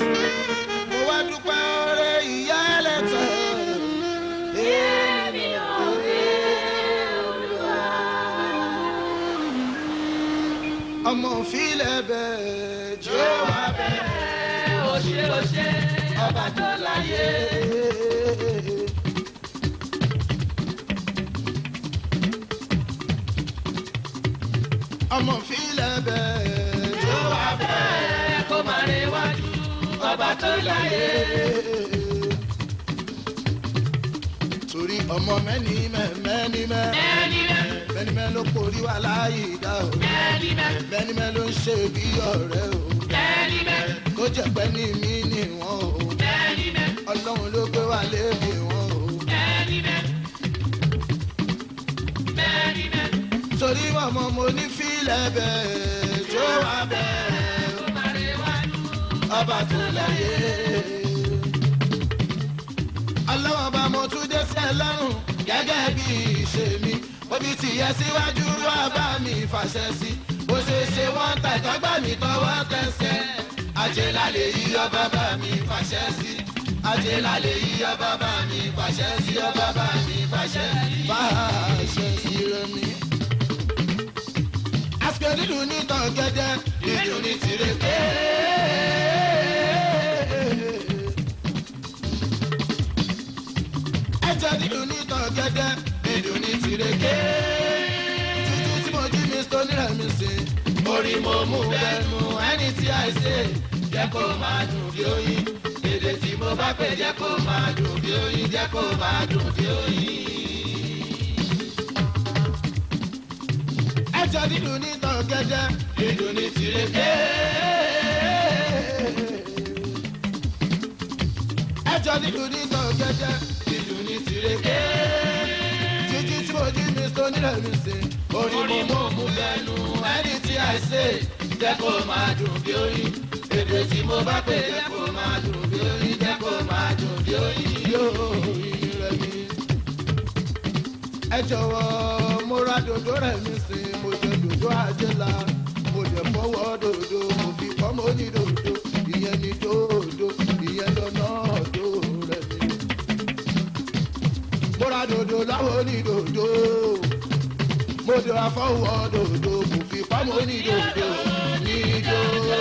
you. láyé. torí ọmọ mẹ́ni mẹ́ mẹ́ni mẹ́ mẹ́ni ló porí wa láyé dá o mẹ́ni ló ń ṣe bí ọ̀rẹ́ o kó jẹ́ pẹ́ ní mi ni wọ́n o ọlọ́run ló gbé wa lébi wọn o. torí ọmọ mo ní fílẹ̀ bẹ́ẹ̀ tó wà bẹ́ẹ̀ má bà tó láyé. mo tún dé sí ẹ lọ́rùn gẹ́gẹ́ bí ìṣe mi omi ti yẹ síwájú wá bá mi fàṣẹ sí bó ṣe ṣe wọ́n ta ìtọ́gbà mi tọwọ́ tẹsẹ̀ àjẹlá lè yí ọba bá mi fàṣẹ sí àjẹlá lè yí ọba bá mi fàṣẹ sí ọba bá mi fàṣẹ fàṣẹ sí rẹ mi. àsìkò dídùn ní tàn gẹ́gẹ́ nítorí tìrẹ̀kẹ́. ẹ̀jẹ̀ dídùn ní tàn gẹ́gẹ́ nídùn ní tìrẹ̀kẹ́. tuntun tí mo jí mi sọ nílẹ̀ mi sí. orí mo mú bẹ́ẹ̀ mú ẹni tí àìsè jẹ́ kó máa dùn bí oyin èdè tí mo bá pè jẹ́ kó máa dùn bí oyin jẹ́ kó máa dùn bí oyin. aṣọ dídùn ní tọ̀gẹ́dẹ́ dídùn ní tìrèké. ẹjọ́ dídùn ní tọ̀gẹ́dẹ́ dídùn ní tìrèké. títí tí mo jí ní sọ nílẹ̀ mi sè orí mo mú bẹnu ẹni tí a ṣe jẹ́ kó máa dùn bí oyin èdè tí mo bá pè jẹ́ kó máa dùn bí oyin jẹ́ kó máa dùn bí oyin yóò yin rẹ̀ mi ẹ jọ̀wọ́ mo ra dòdò rẹ̀ mi sí mo jẹ dòdò ajé la mo lè fọwọ́ dòdò mo fi kọ́ mo ní dòdò ìyẹn ní dòdò ìyẹn lọ́nà dòdò rẹ̀ mi. mo ra dòdò láwọn ní dòdò mo lè ra fọwọ́ dòdò mo fi kọ́ mo ní dòdò ní dòdò.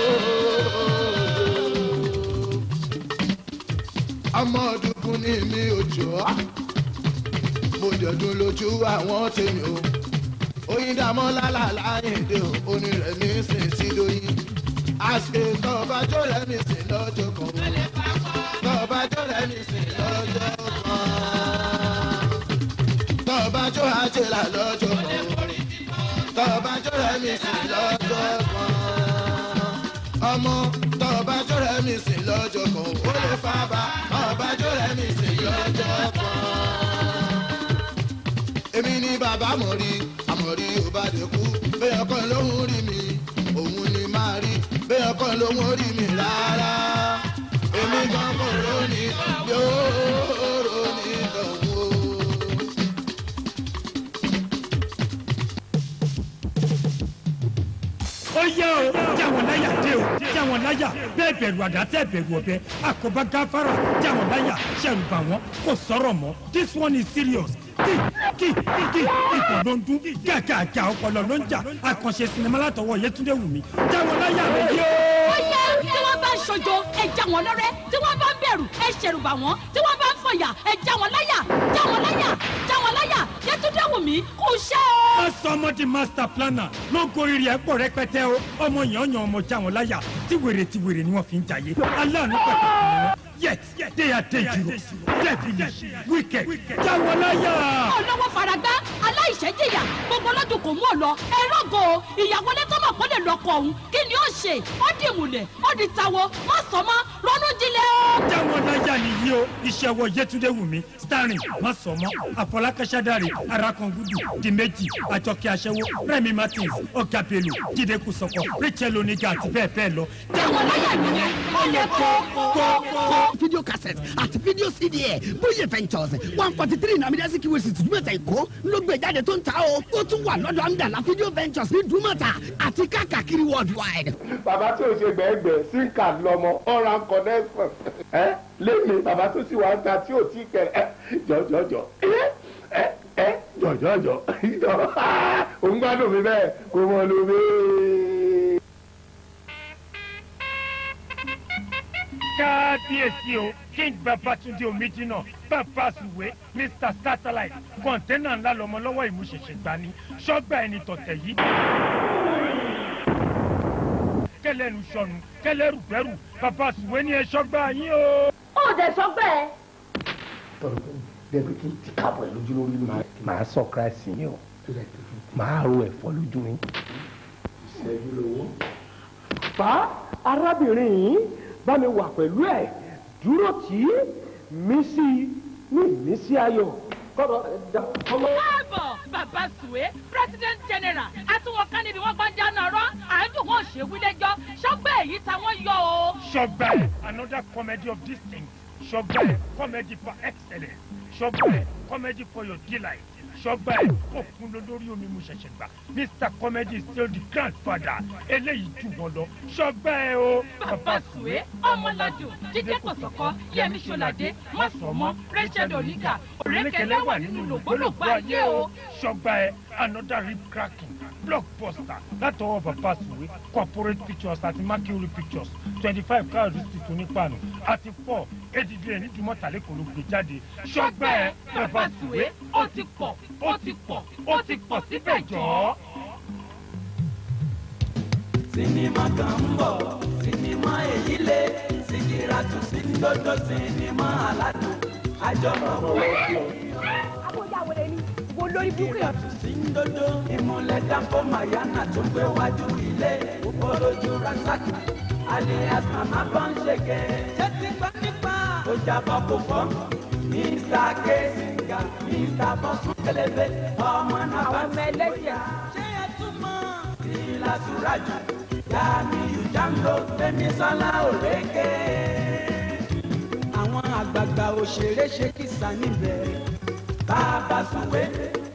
ọmọ ọdún mi ò jọ́ bòjọ̀dún lójú àwọn tèmi o oyin dàmọ́ lálàlá yìndé o onírẹ̀mí sìn sí lóyún àṣẹ tọ́ba jó rẹ̀mí sìn lọ́jọ́ kan tọ́ba jó rẹ̀mí sìn lọ́jọ́ kan tọ́ba jó àjẹlà lọ́jọ́ kan tọ́ba jó rẹ̀mí sìn lọ́jọ́ kan ọmọ tọ́ba jó rẹ̀mí sìn lọ́jọ́ kan ó lè fa bá tọ́ba jó rẹ̀mí sìn lọ́jọ́ kan èmi ni bàbá àmọ̀rí àmọ̀rí ò bá dé kú bẹ́ẹ̀ ọkọ lóhùn rí mi òun ni máa rí bẹ́ẹ̀ ọkọ lóhùn rí mi rárá èmi gan kò rónì yóò rónì lọ́wọ́. ó yẹ o jáwọn láyà dé o jáwọn láyà bẹ́ẹ̀ bẹ̀rù àdá tẹ́ bẹ̀rù ọ̀bẹ àkóbá gáfárà jáwọn láyà ṣẹ̀rù bà wọ́n kò sọ̀rọ̀ mọ́ this one is serious ìtàn ló ń dún àkànṣe sinimá látọwọ́ Yétúndé Wùmí jáwọ́ láyà rẹ yé o. tí wọ́n bá ń ṣojo ẹ já wọn lọ́rẹ́ tí wọ́n bá ń bẹ̀rù ẹ ṣẹ̀rùbà wọn tí wọ́n bá ń fọyà ẹ já wọn láyà já wọn láyà já wọn láyà Yétúndé Wùmí kò ṣe o. sọ ọmọ master planner ló ń gorí rẹ̀ pọ̀ rẹpẹtẹ o ọmọ yẹn ọ̀yàn ọmọ já wọn láyà tí wèrè tí wèrè ni wọ́n fi ń jayé aláàánú pàtàkì ni wọ́n yes they are dangerous devilish wicked jáwọláyà. ọlọ́wọ́ faragbá aláìṣẹ́jìyà gbogbo lọ́dún kò mú ọ lọ ẹ̀rọ go ìyàwó lẹ́tọ́mọ̀ kó lè lọ́kọ̀ ọ̀hún kí ni ó ṣe ó di ìmùlẹ̀ ó di tawọ́ má sọ mọ́ ronú jinlẹ̀ o. jáwọláyà nìyí o ìṣẹ̀wọ̀ yẹtúndé wùmí starring má sọ mọ́ àfọlákẹ́sẹ́dárì arákangúdù dìmẹ́jì àjọkẹ́ aṣẹ́wó rẹ́mi martins ọ̀gá bello jíde kùsọ̀kọ̀ rachel oníga àti bẹ́ẹ̀ bẹ́ẹ̀ lọ Video nìyẹn ó lè kó kó kó fídíò cassette àti fídíò cd ẹ̀ bóyè ventures one forty three nàmídìí ẹ̀sìn kìwé sìtì dùmọ̀tà èkó ló gbé e jáde tó ń ta o ó tún wà lọ́dọ̀ amdala fídíò ventures ní dùmọ̀tà àti káàkiri worldwide. bàbá tí o ṣe gbẹ̀ẹ́gbẹ̀ẹ́ sí kà lọ́mọ ọ̀ràn connection ẹ lémi bàbá tó sì wá ń ta tí ò tí kẹrẹ jọjọjọ ẹ ẹ jọjọjọ òun gbádùn mi bẹ́ẹ̀ kò mọ̀ lómi. kábíyèsí o king babatunde omijina bàbá suwe mr satellite kọ̀ńténà ńlá lọmọ lọ́wọ́ ìmúṣẹ̀ṣẹ̀ gbani ṣọ́gbà ẹni tọ̀tẹ̀ yìí. kẹlẹ́nu sọnù kẹlẹ́rù bẹ́rù bàbá suwe ni ẹ ṣọ́gbà yín o. ó dẹ̀ ṣọ́gbà ẹ. tọrọ fún mi bẹ́ẹ̀ pé kí n ti káàbọ̀ ẹ lójú lórí mi. màá sọ kíláàsì yín o màá ro ẹ̀fọ́ lójú yín. ìṣẹ́jú lówó. bá arábìnrin yìí bá mi wà pẹ̀lú ẹ̀ dúró tì í sí ní ìmísí ayọ̀ kọ́dọ̀ ẹ̀dá ọmọ. káàbọ̀ bàbá sùwé president general àtiwọ̀ká níbi wọ́n gbọ́n dáná rọ́ àádùn wọn ṣèwí lẹ́jọ́ ṣọ́gbẹ́ èyí táwọn yọ o. ṣọgbẹ́ another comedy of this ṣọgbẹ́ comedy for excellence ṣọgbẹ́ comedy for your delight sọ́gbà ẹ̀ kó lórí omi mu ṣẹ̀ṣẹ̀ gbà mr comedy still the grandfather eléyìí jù wọn lọ sọ́gbà ẹ̀ o. bàbá sùwé ọmọlọ́jọ́ jíjẹ́ kọ̀sọ̀kọ́ yẹmi ṣọládé mọ̀sọ̀mọ́ rachel oníga òrékelé wà nínú lògbòlògbò ayé o. sọ́gbà ẹ̀ another rib cracking blockbuster that látọwọ́ bàbá sùwé corporate pictures àti mercury pictures twenty five káàdì street onípanu àti four adv ẹni jùmọ̀ tàlẹ́kọ̀ọ́ ló gbé jáde. ṣọgbẹ́ ẹ bàbá sùwé ó ti pọ̀ ó ti pọ̀ ó ti pọ̀ síbẹ̀ jọ. sinima kan ń bọ̀ sinima èyí lé Síkírà tún sí ń dọ́dọ̀ sinima aládùn àjọmọ̀ wọ́n. àbójà wẹ̀rẹ̀ ni wo lórí búkú yẹn. ìrìnàjò ìmúlẹ̀ dáńfó mayana tó gbé wájú ilé ògbólójú rasaki alias mama bá ń ṣèké. jẹ́sí pàṣípà. tó jábọ̀ kò fọ́ mr kẹ́sìngà mr bọ́sùn kẹlẹ́bẹ̀ ọmọ náà wá sí ìwòyà. ṣé ẹ túmọ̀. ìlà sùràjù yáàmì ìjàngbó fẹmi sọlá òrékè. àwọn àgbààgbà òṣèré ṣe kìsà níbẹ̀ bàbá sùwé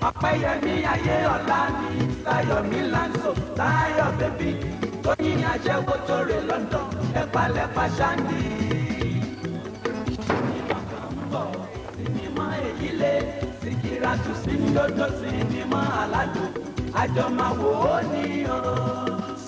ọ̀pẹ́yẹmí ayé ọ̀la mi láyọ̀mí lanso láyọ̀ bébí tóyìn àjẹwò tó rè london ẹ̀pàlẹ̀ pàṣándì. sinimá kan ń bọ̀ sinimá èyí lé Síkírátù sí ní lọ́dọ̀ sinimá aládùn àjọmọ̀ wò ó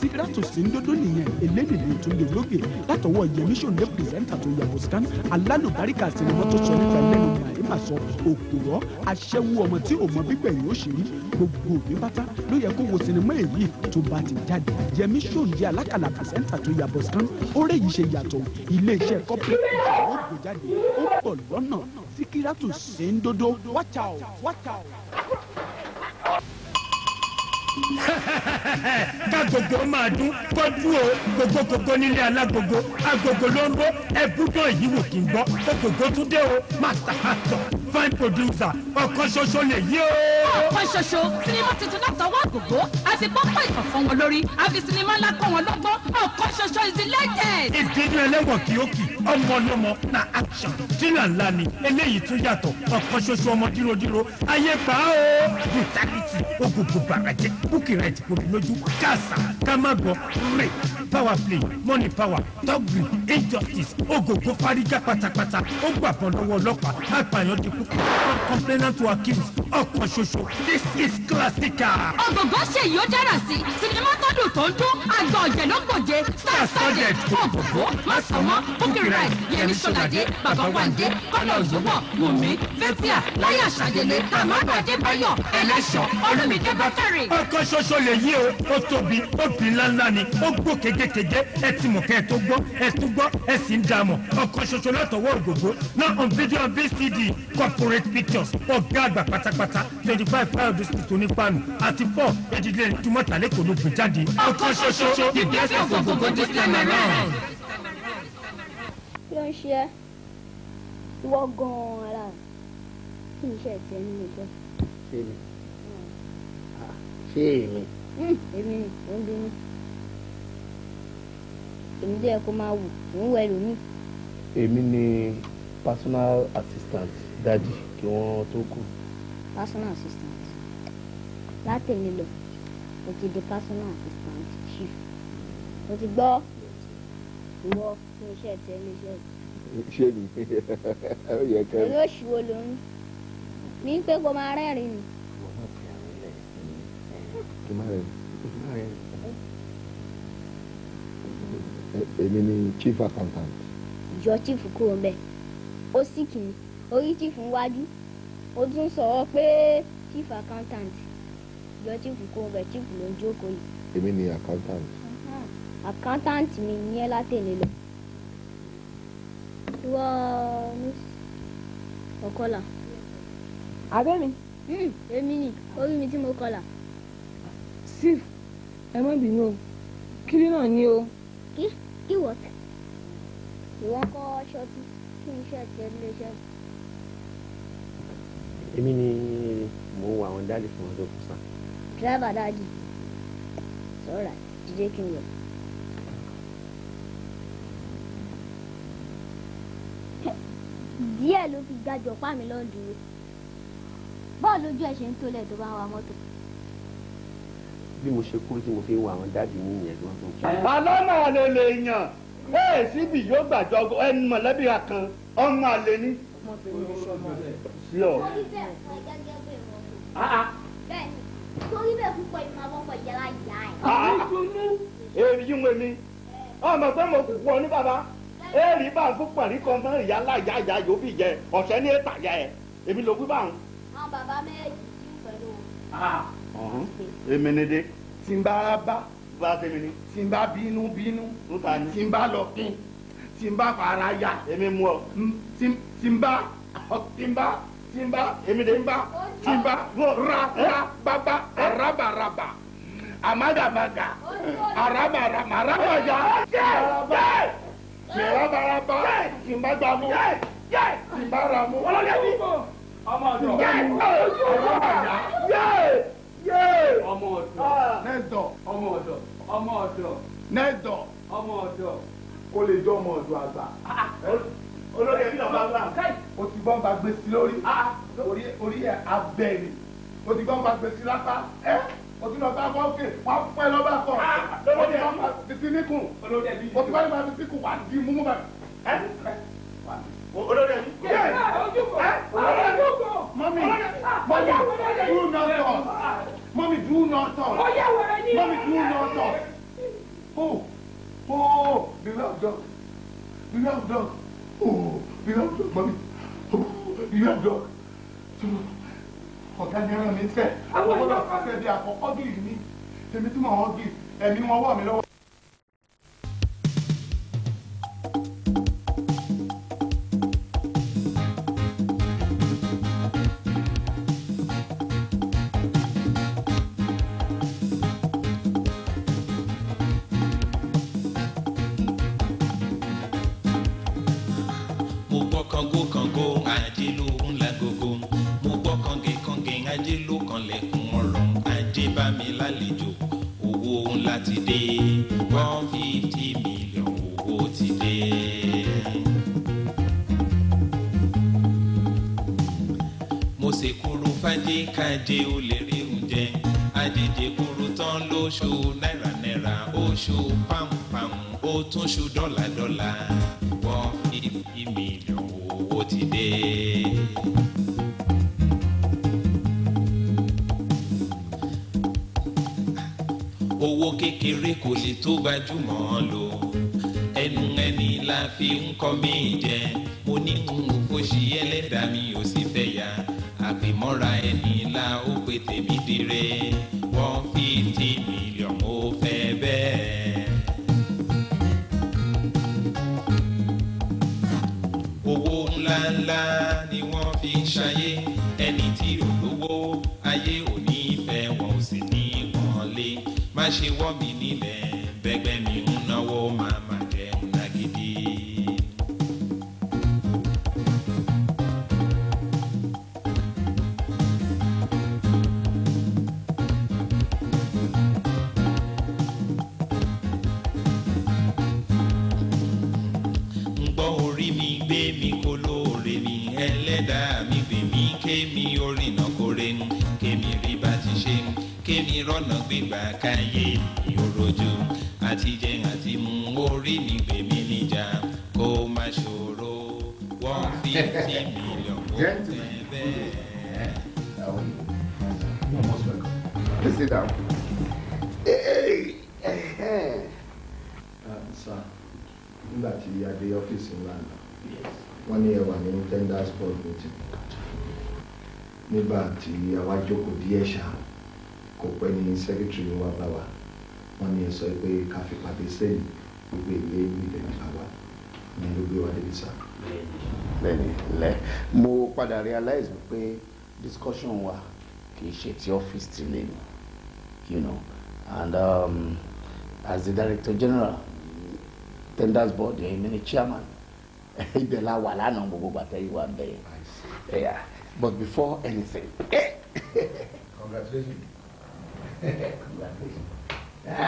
sídírátù sí ńdódó nìyẹn eléyìí ni ìtúndé lóge látọwọ́ yẹmí ṣòǹdé pírẹsẹ́ńtà tó yàgò scan alálùbáríkà sinimá tó sọ nípa lẹ́nu ìgbàlímà sọ òpùrọ́ aṣẹ́wó ọmọ tí ò mọ bíbẹ̀ yóò ṣe rí gbogbo òbí pátá ló yẹ kó wo sinimá èyí tó bá ti jáde yẹmí ṣòǹdé alákàlà pírẹsẹ́ńtà tó yàgò scan ó rẹ̀ yìí ṣe yàtọ̀ iléeṣẹ́ kọ́pẹ́rẹ́ síkírátù kágogo máa dún kọjú o gogogogo nílé alágogo agogo ló ń bó ẹbúdọ̀ yìí wò kí n gbọ́ ogogo tún dé o master actor fine producer ọkọ ṣoṣo lè yí o. ọkọ ṣoṣo sinimá tuntun náà tọwọ́ àgògó àti pọ́pọ́ ìtàn fún wọn lórí àfi sinimá ńlá kọ́ wọn lọ́gbọ́n ọkọ ṣoṣo is the latest. ìdíjú ẹlẹ́wọ̀n kìókì ọmọ ọlọ́mọ na action thriller ńlá ni eléyìí tún yàtọ̀ ọkọ ṣoṣo ọmọ dírodíro ayé pa á o brutality ogogo bàrà jẹ́ bukirẹti kò lójú kásá kámágọ rè power play money power top grip injustice ogogo farija pátápátá ó gbà bọ́ lọ́wọ́ ọlọ́pàá àpàyàn di kúkú complainant to accuse ọkàn ṣoṣo this is classical. ọgọgọ ṣe yìí dára sí sinimá tọdún tó ń dún àgbà ọ̀jẹ̀ ló gbòde star studded ọgọgọ masanwó bukirẹti yẹmi sọládé bàbá kọlọ òyìnbó wùmí fẹfíà láyà ṣàdélé tàmágbàdé báyọ ẹlẹṣọ olùmídébátẹrì ẹ̀kan ṣoṣo lè yí o ó tóbi ó bí ńláńlá ni ó gbó kékekéjé ẹ ti mọ̀ kẹ́ ẹ tó gbọ́ ẹ tó gbọ́ ẹ sì ń dààmú ọ̀kan ṣoṣo látọwọ́ ògògó náà on video vcd corporate pictures ọ̀gá àgbà pátápátá twenty five five district onípanu àti four èdìlẹ̀ ìtumọ̀tàlẹ́kọ̀ọ́ ló gbìn jáde ọ̀kan ṣoṣo ìgbésẹ̀ ògògó this time around. kí ló ń ṣe ẹ́ ìwọ gan-an ara kí iṣẹ́ tiẹ̀ nínú iṣẹ́ ṣé èmi. Hmm, èmi ò ń bínú èmi jẹ́ kó máa wù ń wẹ̀ lómi. èmi ni personal assistant dadi kí wọ́n tó kú. personal assistant látẹ̀mí lọ mo ti di personal assistant chief mo ti gbọ́ ìwọ fún iṣẹ́ tẹ ilé iṣẹ́ yìí. ṣé mi ó yẹ kẹ́rin. èló ṣùgbọ́n ló ń ní pé kó máa rẹ́rìn-ín ni ti má rẹ ni chief accountant. yọ chief kúrò mbẹ ó sì kì í orí chief ń wájú ó tún sọ̀rọ̀ pé chief accountant yọ chief kúrò mbẹ chief ló ń jókòó yìí. èmi ni accountant. accountant mi ní ẹ látẹ̀lé lọ. ìwọ ọkọlà. abẹ́mi. Hmm, èmi ni orí mi tí mo kọlà chief ẹ má bínú o kiri náà ni o. kí kí wọ́n tẹ̀ ìwọ́n kọ́ ṣọ́ọ̀tì kí iṣẹ́ tiẹ̀ ní iṣẹ́. èmi ni mò ń wọ àwọn dáàdì fún ọdún fún sàn. dírẹ́bà dáàdì sọ̀rọ̀ jíjẹ́ kí n wọ̀. díẹ̀ ló fi gbàjọpá mi lọ́ọ́ dúró bọ́ọ̀lù ojú ẹ̀ ṣe ń tolẹ̀ tó bá wa mọ́tò bí mo ṣe kúrú tí mo fi ń wà àwọn dáàbì mi yẹn ló ń tó. àlọ́ máa lè lè yàn bẹ́ẹ̀ síbi yóò gbàjọ ẹni mọ̀lẹ́bí kan ọmọ àlè ní. torí bẹ́ẹ̀ púpọ̀ ah, ah. ìmọ̀ àbọ̀pọ̀ ìyára ìyá ẹ̀. Ah, èyí yín wẹ̀ mi ọmọ pé mo kù fún ọ ní bàbá èrí bá ń púpọ̀ rí kan mọ́ ìyá láyà ìyá yóò bì jẹ ọ̀sẹ̀ ní ètàyà ẹ̀ èmi ló wí báwọn. àwọn bàbá méjì tí ń pẹ̀lú èmi ni dé. tí n bá bá bá tẹ̀mí ni. tí n bá bínú bínú. n ta ni. tí n bá lọ kín. tí n bá fara ya. èmi mú ọ. tí n bá tí n bá tí n bá èmi dé. tí n bá tí n bá ra ra bàbá arabaraba amagamaga arabaraba arabaja arabaraba tí n bá gbàmú tí n bá ramú. ọmọ ọjọ́ ọmọ ọjọ́ ọmọ ọjọ́ ọmọ ọ̀dọ̀ ah. nẹ́ẹ̀dọ̀ ọmọ ọ̀dọ̀ ọmọ ọ̀dọ̀ nẹ́ẹ̀dọ̀ ọmọ ọ̀dọ̀ kó lè jọ ọmọ ọ̀dọ̀ àgbà ah. olórí ẹbí ọba ńlá o ti gbọ́n bá gbèsè lórí ah. orí ẹ̀ abẹ́ni o ti gbọ́n bá gbèsè lápá ẹ́ o ti lọ bá wọn fè wọn fẹ lọ bá kọ o ti bá ma fi sí níkùn o ti bá ma fi sí níkùn wà á di mú mú bá olórí ẹni. Ah, ẹ eh? olórí ẹni mọ́mí mọ́mí dúró náà tọ̀ mọ́mí dúró náà tọ̀ mọ́mí dúró náà tọ̀ o o bíbá ọ̀dọ́ bíbá ọ̀dọ́ o bíbá ọ̀dọ́ mọ́mí bíbá ọ̀dọ́ ọ̀gá ni ẹran mi fẹ́ ọgbọ́dọ̀ fẹ́ bí àkọ́kọ́ bí mi èmi tí mo hàn ẹ̀mí wọn wọ̀ mí lọ́wọ́. ti dé one fifty million owó ti dé. mo ṣe kúrú fàdé káde ó lè rí oúnjẹ àdèdè kúrú tán lóṣù náírà náírà oṣù pàmpàm ó tún ṣù dọ́là dọ́là. olè tó gbajúmọ̀ lò ẹnu ẹni la fi ń kọ́ mí jẹ mo ní ń kó ṣí ẹlẹ́dàá mi ò sì fẹ́ ya ẹni la ó pe tèmi dé. forty million go dey there. You're most welcome. Please sit down. Hey, hey. Uh, sir, nígbà tí a dé ọ́fíìsì ńlá náà wọ́n ní ẹ wà ní tenders board meeting nígbà tí àwa jókòó díẹ̀ ṣá kò pẹ́ ní secretary wa bá wa wọ́n ní ẹ sọ pé ká fi pàdé sẹ́yìn gbogbo ìwé ìlú ìdẹ̀gbà wa ní ló gbé wa débi sáà bẹ́ẹ̀ni lẹ mo padà realize wípé discussion wa kì í ṣe ti office ti lè you know and um, as the director general tenders board èmi ni chairman ibẹ̀ la wà lánàá gbogbo bàtà yìí wà bẹ́ẹ̀ eh, but before anything. Eh. congratulations. congratulations.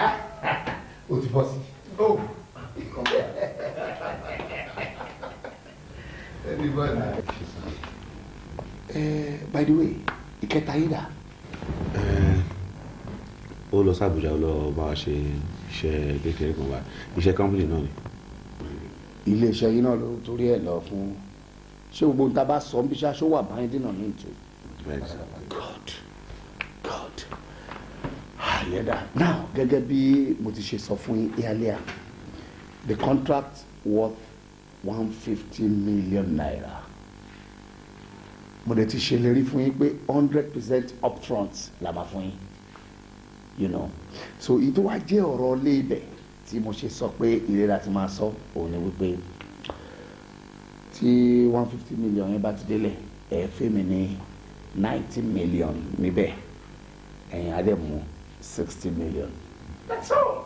o ti bọ́ sí. o oh. Eh, by the way ìkẹta yín dà. Eh, ó lọ sí Àbújá lọ bá a ṣe iṣẹ́ kékeré kan wá iṣẹ́ company náà ni. iléeṣẹ́ yín náà ló torí ẹ̀ lọ fún ṣé gbogbo nta bá sọ bí ṣáṣó wà báyìí dènà ní ìtò. God God àyẹ̀dá now gẹ́gẹ́ bí mo ti ṣe sọ fún yín earlier the contract worth one fifty million naira mo dẹ̀ ti ṣèlérí fún yín pé hundred percent upfront la máa fún yín you know so ìtò wa jẹ́ ọ̀rọ̀ ilé ibẹ̀ tí mo ṣe sọ pé ìlera ti máa sọ òun ni wípé tí one fifty million yẹn bá ti délẹ̀ ẹ̀ fẹ́ mi ní ninety million níbẹ̀ ẹ̀yin adé mu sixty million. that's all.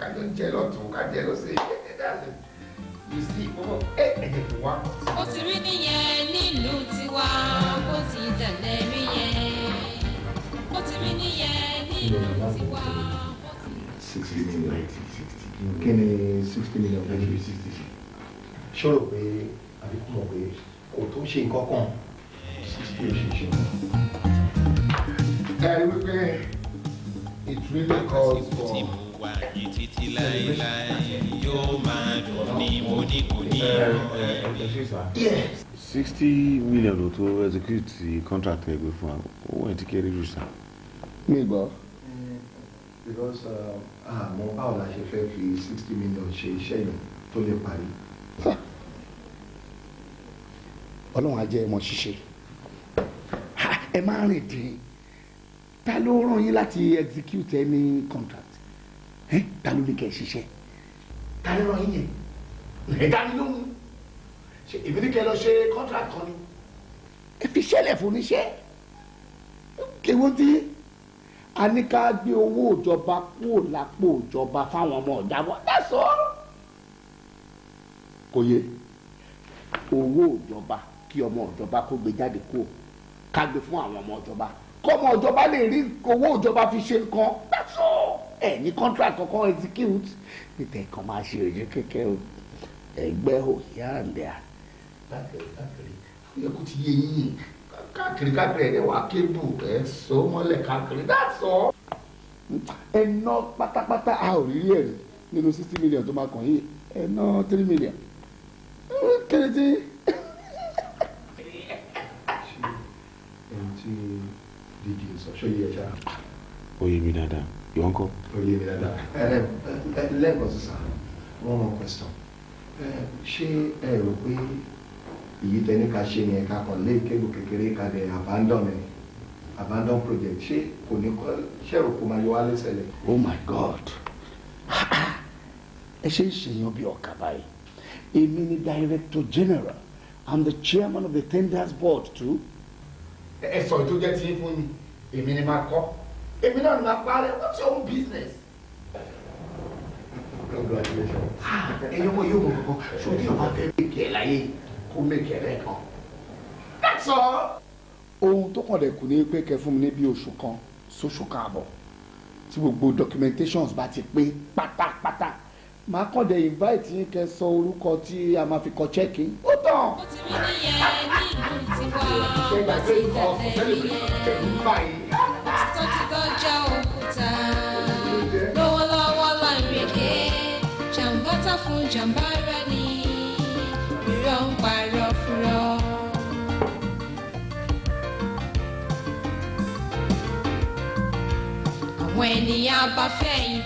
kájọ jẹ lọ́tún kájọ lọ́sẹ̀ yìí. Eh, eh, eh, ó ti rí nìyẹn nílùú tiwa ó ti tẹ̀lé rí yẹn ó ti rí nìyẹn nílùú tiwa. sixty million kí ni sixty million kí sixty million. ṣòro pé àbíkú mọ̀ pé kò tó ṣe nǹkan kan sixty million ṣe ṣe. ẹ wípé it really calls for mi títí láéláé yóò máa dùn ní mo ní kò ní ìrọ̀lẹ́. sixty million ló tó execute contract ẹgbẹ́ fún wa owó ẹ̀ ti kéré jù sá. mi gbọ́. Eh, because àmọ́ uh, ah, báwo la ṣe fẹ́ fi sixty million ṣe iṣẹ́ yìí tó lè parí. ọlọ́run á jẹ́ ẹ̀mọ́ ṣíṣe ẹ máa rìn dín ta ló ràn yín láti execute any contract ẹ ta ló ní kẹ́ ẹ ṣiṣẹ́ ta ló rán yín yẹn ẹ dá mi lóhùn ṣe èmi ní kẹ́ ẹ lọ ṣe contract kan ni ẹ fi ṣẹlẹ̀ fún níṣẹ́ kéwọ́n tí a ní ká gbé owó ìjọba kúrò lápò ìjọba fáwọn ọmọ ọ̀dà wọn dáṣọ kò yẹ owó ìjọba kí ọmọ ìjọba kó gbé jáde kúrò ká gbé fún àwọn ọmọ ìjọba kọ́mọ ìjọba lè rí owó ìjọba fi ṣe nǹkan that's all ẹ ní contract kankan execute níta ẹ̀kan máa ṣe òye kékeré o ẹgbẹ́ o yá àǹdẹ̀ à. káàkiri káàkiri ẹ kò ti yé yín káàkiri káàkiri ẹ̀ wá kébù ẹ̀ sọ mọ́lẹ̀ káàkiri that's all. ẹ ná pátápátá a ò rí rí ẹ̀rí nínú sixty million tó máa kàn yín ẹ ná three million kéré tí. ṣe ẹ̀ ti dídì sọ ṣó yẹ ṣá. ó mi dáadáa ìwọ ń kọ́. mi dáadáa lẹ́ẹ̀kan sísan one more question ṣé ẹ rò pé èyí tẹ́ni ká ṣe yẹn ká kàn lé kébù kékeré kalẹ̀ abandon mi abandon project ṣé kò ní kọ́ ṣé rò kó máa yọ wá lẹ́sẹ̀lẹ̀. oh my god ẹ ṣe ń ṣèyàn bí ọ̀kà báyìí èmi ni director general i'm the chairman of the tenders board too ẹ̀sọ̀ tó jẹ́ ti fún mi èmi ni máa kọ́ èmi náà ni máa parẹ́ what's your own business. ẹyọ ah, mọ yóò mọ kankan sódì ọba fẹẹ mẹkẹ ẹ láyé kó mẹkẹ ẹ lẹẹkan that's all. ohun tó kàn lẹ́kùn ní pé kẹ́ fún mi ní oṣù kan sóṣù kan àbọ̀ tí gbogbo documentations bá ti pé pátápátá màá kàn dé invite yín kẹ́ sọ orúkọ tí a máa fi kọ chẹ́ẹ̀kì ó tàn. ó ti rí nìyẹn ní ìlú tiwa ó ti dàtẹ̀ nìyẹn tó ti kọjá òkúta lọ́wọ́lọ́wọ́ láìrèké jàǹbátà fún jàǹbá rẹ̀ ni irọ́ ń parọ́ fúnra. àwọn ènìyàn abáfẹ́yìn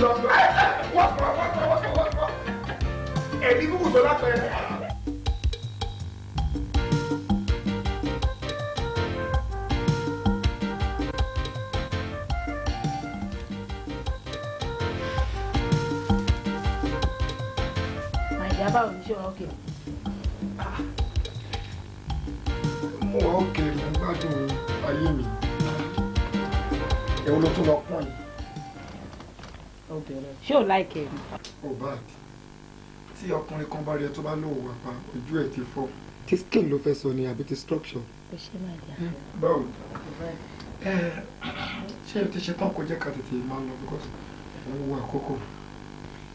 lọ́dọ̀ wọ́pọ̀ Mo wà ó kéré ayé mi. Èwo ló tún lọ ṣé o láìkẹ́ mi. o bá tí ọkùnrin kan bá rí ẹ tó bá lò wà pa ojú ẹ ti fọ́. ti skin ló fẹ́ sọ ni àbí ti structure. o ṣe máa jà. báwo ṣé o ti ṣe tán kó jẹ́ ká tètè máa lọ because òun wo àkókò.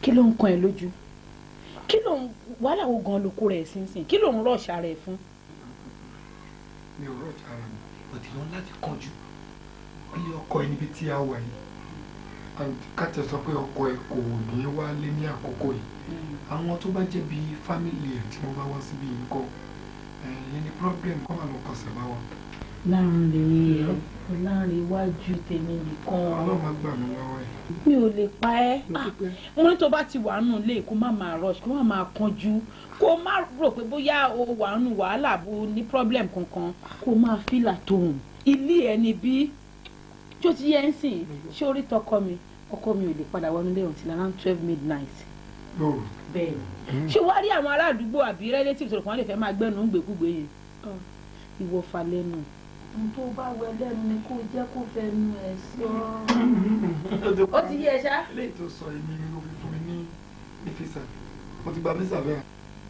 kí ló ń kan ẹ lójú kí ló ń wàhálà wo gan-an lóko rẹ̀ sínsìn kí ló ń rọ̀ṣà rẹ̀ fún. mi ò rọ̀ṣà rẹ̀ bọ̀dì lọ́n láti kánjú bí ọkọ ẹni bíi tí a wà yìí káàtì sọ pé ọkọ ẹ kò ní wálé ní àkókò yìí mm. àwọn tó bá jẹ̀bi fámìlì ẹ̀ tí wọ́n bá wá síbi yìí kọ́ eh, ẹ̀yìn ni problem kọ́ máa lọ kọsẹ̀ bá wa. láàrin láàrin iwájú tèmi nìkan. ọlọ́run á gbà mí lọ́wọ́ ẹ̀. mi ò lè pa ẹ́ mo ní ah, tó bá ti wà nù lé kó má máa rush kó má máa kanjú kó má rò pé bóyá o wà nù wàhálà bó ní problem kankan kó máa fìlà tóun ilé ẹni bí tí ó ti yẹ ń sìn ṣé orí tọkọ mi ọkọ mi ò lè padà wọnú ilé ọ̀hún ti lára twelve midnight. Oh. bẹ́ẹ̀ni mm. ṣé wàá rí àwọn ará àdúgbò àbí relatives rẹ̀ kan lè fẹ́ máa gbẹ́nu ń gbèkúgbè yẹn oh. ìwọ fa lẹ́nu. ohun tó bá wẹ lẹ́nu ni kó jẹ́ kó fẹnu ẹ̀ sọ. ó ti yé ẹ ṣá. eléyìí tó sọ èmi ni mo fi fún mi ní ìfisà mo ti gba mísà bẹ́ẹ̀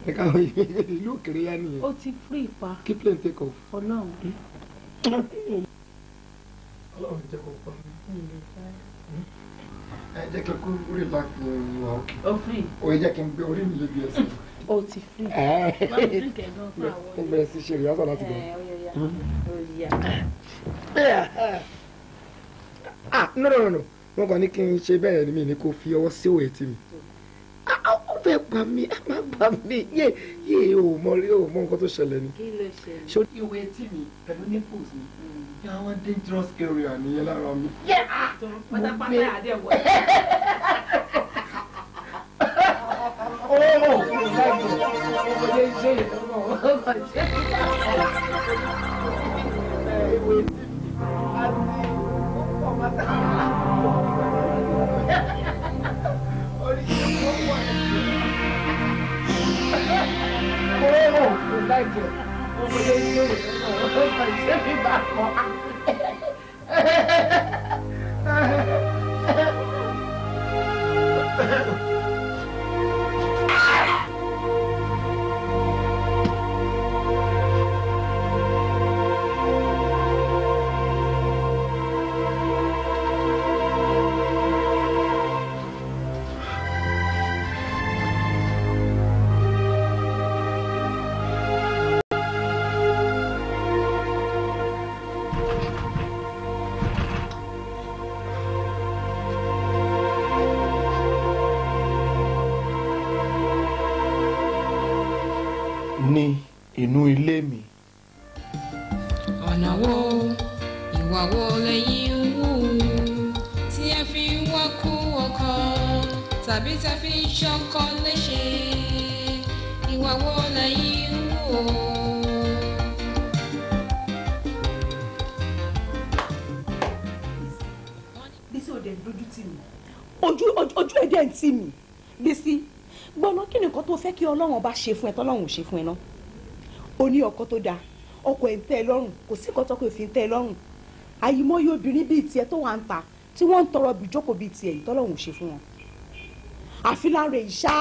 ẹ káwọn ìlú òkèrè yá nìyẹn. ó ti fún ìpa. kí plane take off. ọlọ́run. Hmm? ọlọ́run jẹ́ kó pa mí. ẹ jẹ́ kí n kú rí láti wà ókè. o free. o jẹ́ kí n gbé orí mi lébi ẹsẹ̀. o ti free. ẹ bẹ̀rẹ̀ sí ṣe rìhásà láti gbọ́. Hmm? ah no no no no wọn kàn ní kí n ṣe bẹ́ẹ̀ ni mi ní kó fi ọwọ́ sí òwe tì mí ẹ pa mí ẹ má pa mí yé yé o mọ rí o mọ nǹkan tó ṣẹlẹ̀ ni. kí ló ṣẹlẹ̀. ṣé ìwé etí mi pẹ̀lú nipples mi ní mm. àwọn dangerous area nìyẹn lára mi. yẹ pátápátá àdé wọ. ó kúrò láìpẹ́ ọmọdé ṣe ìtọ́nà ọmọdé. láìpẹ́ ọmọ yẹn yé inú ilé mi. ọ̀nà wo ìwà wo lẹ́yìn ń wù tí ẹ fi ń wọ́kú ọkọ tàbí tẹ fi ń ṣọkọ léṣe ìwà wo lẹ́yìn ń wù. Bísí òde lójú tì mí. Ojú ojú ẹ̀dẹ̀ ń tì mí. Bísí gbọ́nà kí ni nǹkan tó fẹ́ kí Ọlọ́run ọba ṣe fún ẹ tọ́lọ́run ò ṣe fún ẹ náà ó ní ọkọ tó dáa ọkọ ẹ̀ ń tẹ́ ẹ lọ́rùn kò sí nǹkan tọ́kọ òfin tẹ́ ẹ lọ́rùn àyìmọ́yé obìnrin bíi tiẹ̀ tó wà ń ta tí wọ́n ń tọrọ bìjókòó bíi tiẹ̀ ìtọ́lọ́hùn ṣe fún wọn àfiláre ìṣá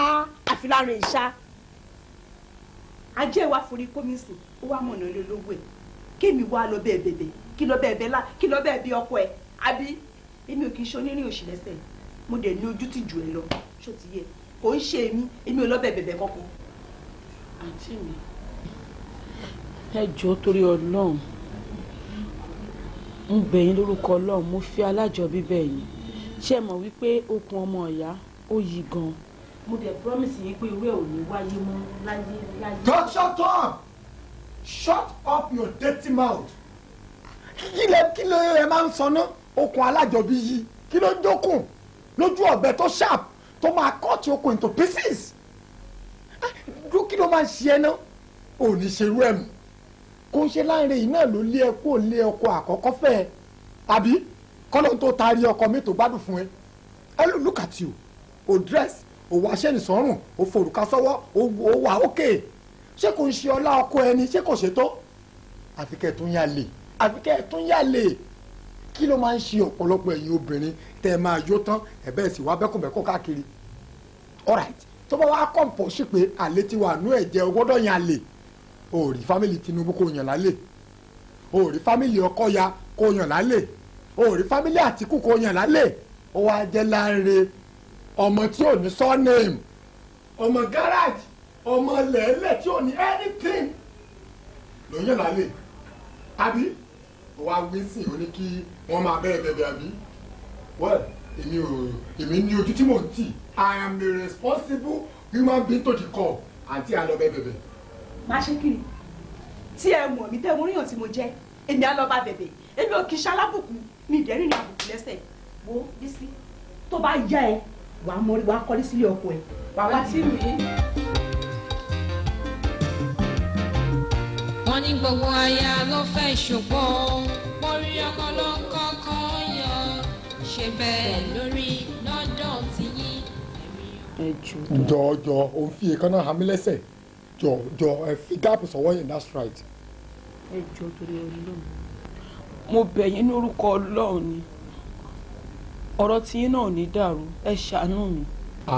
àfiláre ìṣá ajé wa forí kómìsì ó wá mọ̀nà ilé olówó ẹ̀ kémi wá lọ bẹ́ẹ̀ bẹ́ẹ̀ kí lọ bẹ́ẹ̀ bẹ́ẹ̀ lá kí lọ bẹ́ẹ̀ bí ọkọ ẹ̀ àbí èmi ò kì í ṣe onírìn òṣì lẹ́sẹ̀ mo dẹ̀ ní ojú tìjú ẹ lọ ṣó ti yẹ kò ń ṣe èmi èmi ò lọ bẹ́ẹ̀ bẹ́ẹ̀ kankan. àǹtí mi ẹ jọ̀ọ́ torí Ọlọ́run ń bẹ̀yìn lórúkọ Ọlọ́run mo fi alájọbí bẹ̀yìn ṣe mọ̀ wípé okùn ọmọ ìyá ó yí gan. mo dẹ̀ promise yín pé irú ẹ̀ ò ní wáyé mọ́ láyé láyé. don't shut up shut up your dirty mouth. kí ló kí ló ẹ máa ń sọ ná okùn alájọbí yìí kí ló ń jókòó lójú ọ̀bẹ tó sharp tó máa cut okùn into pieces ah, kí ló máa ń ṣe ẹ ná ò ní ṣerú ẹ̀ mọ́ kò ń ṣe láǹre yìí náà ló lé ẹ kó lé ọkọ àkọ́kọ́ fẹ́ ẹ àbí kọ́lọ́n tó taari ọkọ mi tó gbádùn fún ẹ ẹ ló look at you o dress o wọ aṣẹ́ni sọ́rùn o forúkà sọ́wọ́ o wà ókè ṣé kò ń ṣe ọlá ọkọ ẹni ṣé kò ṣe tó àfikẹ́ tún yà lè àfikẹ́ tún yà lè kí ló máa ń ṣe ọ̀pọ̀lọpọ̀ ẹ̀yin obìnrin tẹ́ ẹ máa yó tán ẹ̀bẹ́ sì wá bẹ́kùnbẹ́kùn káàkiri all right tó bá wá kọ̀ǹpọ̀ sí pé àlétiwà nú ẹ̀jẹ̀ ọgbọ́dọ̀ yàn lè o ò rí fámìlì Tinubu kó yàn lálẹ́ o ò rí fámìlì Ọkọya kó yàn lálẹ́ o ò rí fámìlì Àtìkù kó yàn lálẹ́ ó wá jẹ́ Láńre ọmọ tí ò ní surname ọmọ garage ọmọ lẹ́lẹ̀ tí ò ní anything ló yàn lálẹ́ àbí ó wá wí sí i ó ní kí wọ́n máa bẹ̀rẹ̀ bẹ̀rẹ̀ àbí well èmi ò èmi ní ojú tí mò ń tì I am the responsible human being to the call àti àlọ́ bẹ́ẹ̀ bẹ́ẹ̀ bẹ́ẹ̀ máa ṣe kí ni tí ẹ mọ̀ mí tẹ́ mo ríyàn tí mo jẹ́ èmi á lọ bá bẹ̀bẹ̀ èmi ò kì í ṣalábùkù mi ìdẹ́rìn ní àbùkù lẹ́sẹ̀ wo Bísí tó bá yá ẹ wàá mọ wàá kọ́lé sílé ọkọ ẹ wàá wá tí mi. wọ́n ní gbogbo aya ló fẹ́ ṣùgbọ́n mọ́rí ọkọ ló ń kọ́kọ́ yọ ṣe bẹ́ẹ̀ lórí lọ́dọ̀ tiyín. ẹ jọ jọ òun fi èékánná hàmí lẹ́sẹ̀ jọ jọ ẹ fi gáàpù sọwọ́ yẹn that's right. ẹ jọ torí Ọlọ́run mo bẹ̀ yín ní orúkọ Ọlọ́run ni ọ̀rọ̀ tiyín náà ò ní dàrú ẹ ṣàánú mi.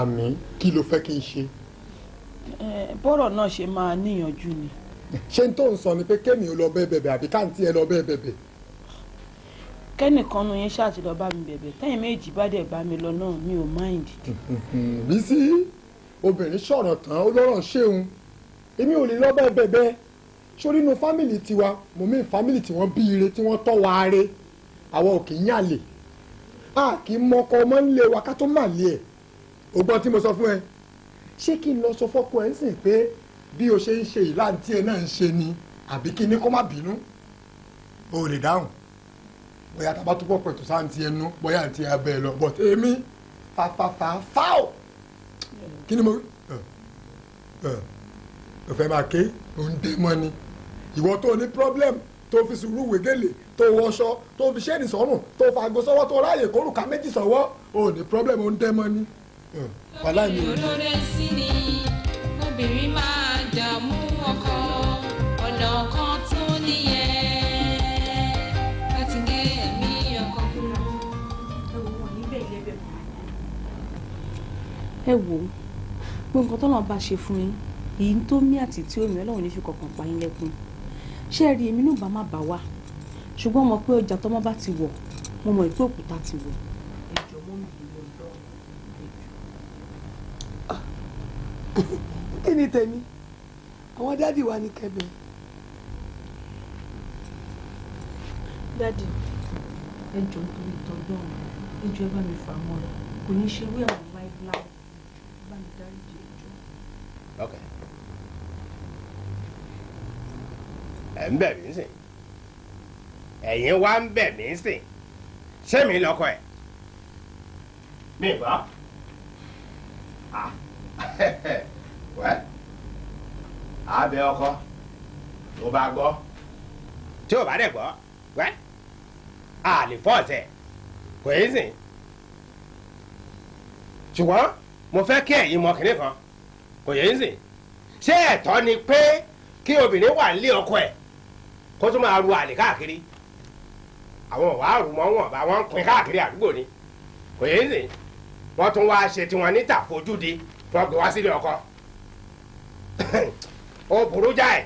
àmín kí ló fẹ́ kí n ṣe. bọ́rọ̀ náà ṣe máa níyànjú ni. ṣé n tó ń sọ ni pé kémi ò lọ bẹ́ẹ̀ bẹ̀bẹ̀ àbí káàntì ẹ lọ bẹ́ẹ̀ bẹ̀bẹ̀. kẹ́nìkan nu yín ṣáàtì lọ bá mi bẹ̀bẹ̀ tẹ́yìn méjì bá dẹ̀ bá mi lọ náà mi ò máìndì. Bísí obìnrin sọ̀rọ̀ tán ó lọ́rọ̀ ṣéun èmi ò lè lọ bẹ́ẹ̀ bẹ́ẹ̀ bẹ́ẹ̀ sórí inú fámìlì tiwa mo mí fámìlì tí wọ́n bí ire tí wọ́n tọ́ wa re àwa ò kì í yàn lè a kì í mọkọ ọmọ ńlẹ̀ wa ká tó mà lé ẹ̀ ògbọ́n tí mo sọ fún ẹ ṣé kí n lọ sọ fọ́kọ ẹ ń sìn pé bí o ṣe ń ṣe ìlàntí ẹ náà ń ṣe ni àbí kí ni kó má bínú o lè dáhùn bóyá tá a bá túbọ̀ pẹ̀tù sáǹtì ẹnu bóyá àǹtí abẹ́ ẹ lọ bọ̀ tèmi fàfàfà fáò kí ni mo rí ló fẹ́ máa ké ló ń dé mọ́ ni ìwọ tó ní problem tó fi sùúrù wégele tó wọṣọ tó fi ṣẹ́ẹ̀nì sọ́rùn tó fa ago sọ́wọ́ tó ráàyè kórùka méjì sọ́wọ́ ò ní problem ó dé mọ́ ni. lórí olóore sí ni obìnrin máa dààmú ọkọ ọ̀nà kan tó nìyẹn láti gé ẹ̀mí ọkọ kúrò. ẹ wo gbogbo nǹkan tó náà bá ṣe fún yín èyí tó mí àti tí ó mí ọlọ́run ní fi kọ̀ọ̀kan pa yín lẹ́kún ṣé ẹ rí èmi náà bá má bà wá ṣùgbọ́n mo pé ọjà tọ́mọ́ bá ti wọ̀ mo mọ̀ ìpé òkúta ti wọ̀. kí ni tèmi àwọn dádì wa ní kẹbẹ. dádì ẹ jọ nítorí ìtọ́jú ọ̀hún ẹ bá mi fà mọ́ra kò ní ṣe wí àwọn láìláì bá mi dáríjì ẹjọ́. ẹ̀ ń bẹ̀ mí sìn ẹ̀yin wá ń bẹ̀ mí sìn ṣé mi lọ́kọ ẹ̀. mi gbọ́ wẹ́ abẹ ọkọ tó bá gbọ́ tí ò bá dẹ̀ gbọ́ wẹ́ àlè fọ́ọ̀tẹ̀ kò yé sìn ṣùgbọ́n mo fẹ́ kí ẹ̀yin mọ kìnìkan kò yé sìn ṣé ẹ̀tọ́ ni pé kí obìnrin wà nílé ọkọ ẹ̀ kó tún máa ru àlè káàkiri àwọn ọ̀wá àrùmọ́ wọn bá wọn pin káàkiri àdúgbò ni kò yé ní wọ́n tún wáá ṣe tiwọn níta fojúdi wọ́n gbé wá sílé ọkọ ó burú jáì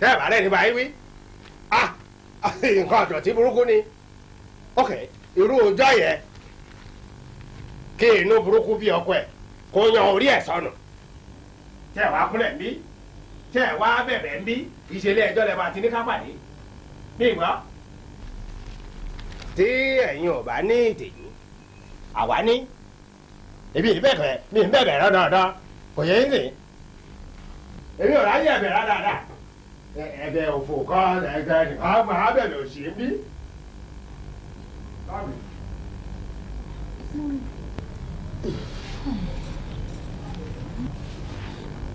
tẹ́ ẹ̀ bá rẹ̀ wí ah nǹkan ọ̀dọ̀tí burúkú ni ok irú ọjọ́ yẹn kí inú burúkú bí ọkọ ẹ̀ kó yan orí ẹ̀ sọnù tẹ́ ẹ̀ wá ń bí tẹ́ ẹ̀ bẹ̀bẹ̀ ń bí ìṣẹ̀lẹ̀ ẹjọ́ lẹ́ẹ̀ bá ti ní ká pàdé. Bímbọ́. tí ẹ̀yin ò bá ní ìdèyí àwa ní èmi ì bẹ̀bẹ̀ mi ì bẹ̀bẹ̀ rán dandan kò yẹ ń sìn èmi ò ráyè ẹ̀bẹ̀ rán dandan ẹ̀bẹ̀ òfò kan ẹ̀gbẹ́ nìkan máa bẹ̀bẹ̀ òsì ń bí.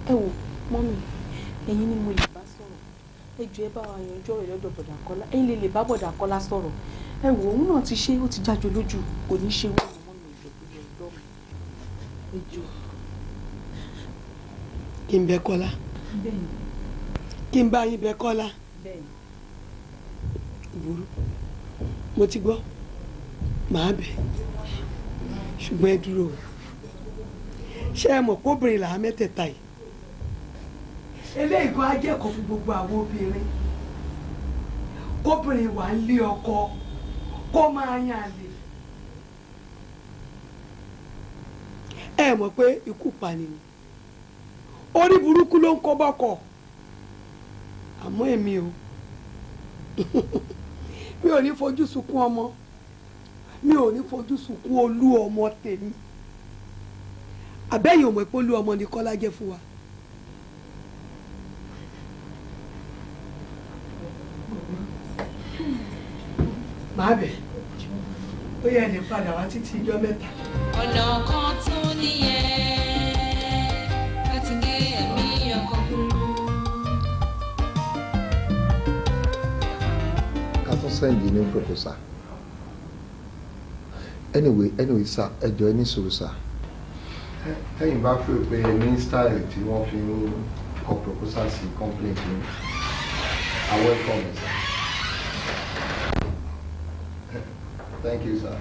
ẹ wo mọ́mì ẹ̀yin ni mo lè ẹjọ ẹ bá wa yanjú ọ̀rọ̀ lọ́dọ̀ bọ̀dà kọ́lá ẹ̀yin lè lè bá bọ̀dà kọ́lá sọ̀rọ̀ ẹ wò òun náà ti ṣe ó ti jájọ lójú kò ní ṣe wọn mọ mi ìjọ kò yẹ lọ mi ẹjọ. kí n bẹ kọ́lá kí n bá yín bẹ kọ́lá ìwúrú mo ti gbọ́ màá bẹ ṣùgbọ́n ẹ dúró ṣé ẹ mọ̀ kóbìnrin làá mẹ́tẹ̀ẹ̀ta yìí eléyìí kan á jẹ́ kó fún gbogbo àwọn obìnrin kóbìnrin wà ń lé ọkọ kó máa yan àlè. ẹ mọ̀ pé ikú pani ni orí burúkú ló ń kó bọ́kọ̀ àmọ́ èmi o mi ò ní fojú sunkún ọmọ mi ò ní fojú sunkún olú ọmọ tèmi àbẹ́yìn ò mọ̀ pé olú ọmọ ni Kọ́lá jẹ́ fún wa. máa bẹ̀ ó yẹ ní padà wá títí ijọ́ mẹ́ta. ọ̀nà kan tún nìyẹn láti gé ẹ̀mí ọkọ̀ kúrú. ká tún sẹ́ǹdì ní proposal anyway anyway sir ẹ jọ̀ọ́ ẹ ní sùúrù sir. tẹ́yìn bá fẹ́ pé ní style tí wọ́n fi ń kọ proposal sí complaint ni i welcome it sir. thank you sir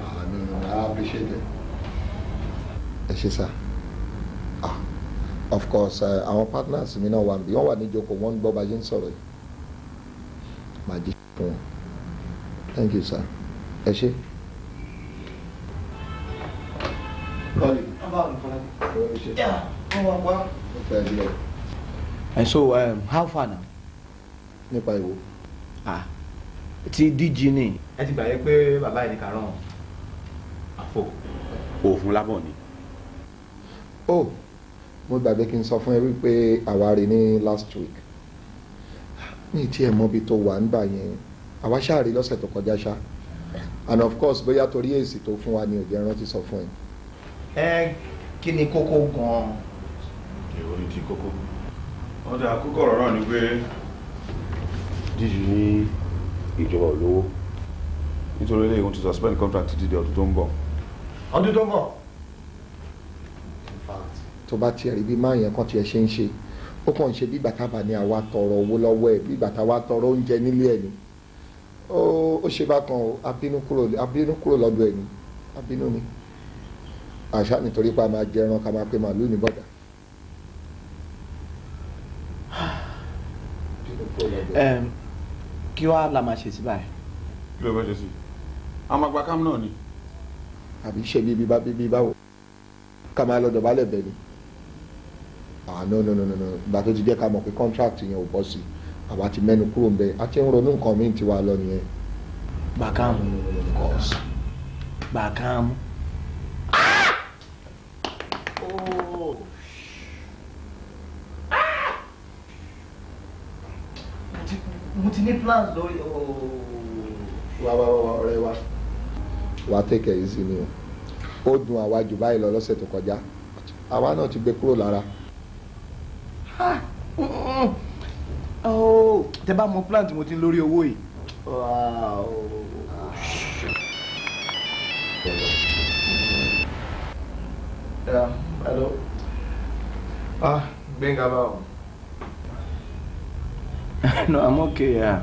ah no no no i appreciate it. Yes, sir. ah of course uh, àwọn uh, partners we know one, the only one níjókòó wọ́n ń gbọ́ Sorry, magic. ṣe ń sọ̀rọ̀ yìí màá jí fún wọn thank you sir ẹ ṣe. and so um, how far now. nípa ìwo. ah ti dg ni ẹ ti gbà yẹ pé bàbá yìí kàrán àfò. òfun lábọ̀ ni. ó mo gbàgbé kí n sọ fún ẹ wípé àwa rí ní last week ní tí ẹ mọbi tó wà nígbà yẹn àwa ṣáàrí lọ́sẹ̀ tó kọjá ṣá and of course bóyá torí èsì tó fún wa ni òjò ẹran ti sọ fún ẹ. ẹ kí ni kókó gan-an. èwo ni ti kókó. wọ́n ti àkókò ọ̀rọ̀ náà ni pé jíjù ní ìjọba olówó nítorí eléyìí wọ́n ti suspend contract títí di ọdún tó ń bọ̀. ọdún tó ń bọ̀. tó bá tiẹ̀ rí bí máa yẹn kan tiẹ̀ ṣe ń ṣe ó kàn ń ṣe bí bàtà bá ní àwa tọrọ owó lọ́wọ́ ẹ̀ bí bàtà wa tọrọ oúnjẹ nílé ẹ̀ ni ó ṣe bákan o abínú kúrò lọ́dọ̀ ẹ̀ ni abínú ni àṣà nítorí pé a máa jẹ ẹran ká máa pé màálù ní bọ̀dà. kí wàá la máa ṣe sí báyìí. kí ló fẹ́ ṣe sí i a máa gba kámú náà ni. àbí ṣe bíbí bá bíbí báwo ká máa lọ dọ̀bálẹ̀ bẹ̀ ni ah no no no no ìgbà tó ti jẹ́ ká mọ̀ pé contract yẹn ò bọ́ sí àwa ti mẹ́nu kúrò ń bẹ a ti ń ronú nǹkan míì tiwa lọ nìyẹn. gbàkámù gbàkámù. mo ti ní plans lórí. Oh. wá wá wá ọ̀rẹ́ wa wà á yìí sí ni o ó dùn àwa jù báyìí lọ lọ́sẹ̀ tó kọjá àwa náà ti gbé kúrò lára. Oh, tẹ bá mọ plant mo ti lórí owó yìí. hello ah Gbénga no i'm okay. Yeah.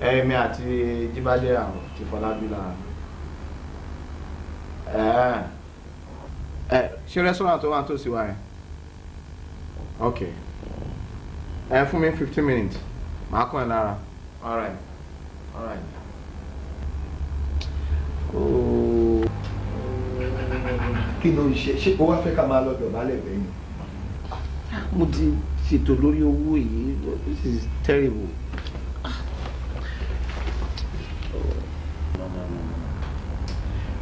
ẹ̀mí àti jíbádé àrùn ti Fọlábí lára. Eh. Eh, ṣé restaurant tó wà tó to wá yẹn ok ẹ fún mi fifteen minutes màá kàn ẹ́ lára alright All right. ló ń oh. ṣe ṣé o wá fẹ́ ká máa lọ́dọ̀ bálẹ̀ bẹ́ẹ̀ ni. Ah, mo ti ṣètò lórí owó yìí this is terrible.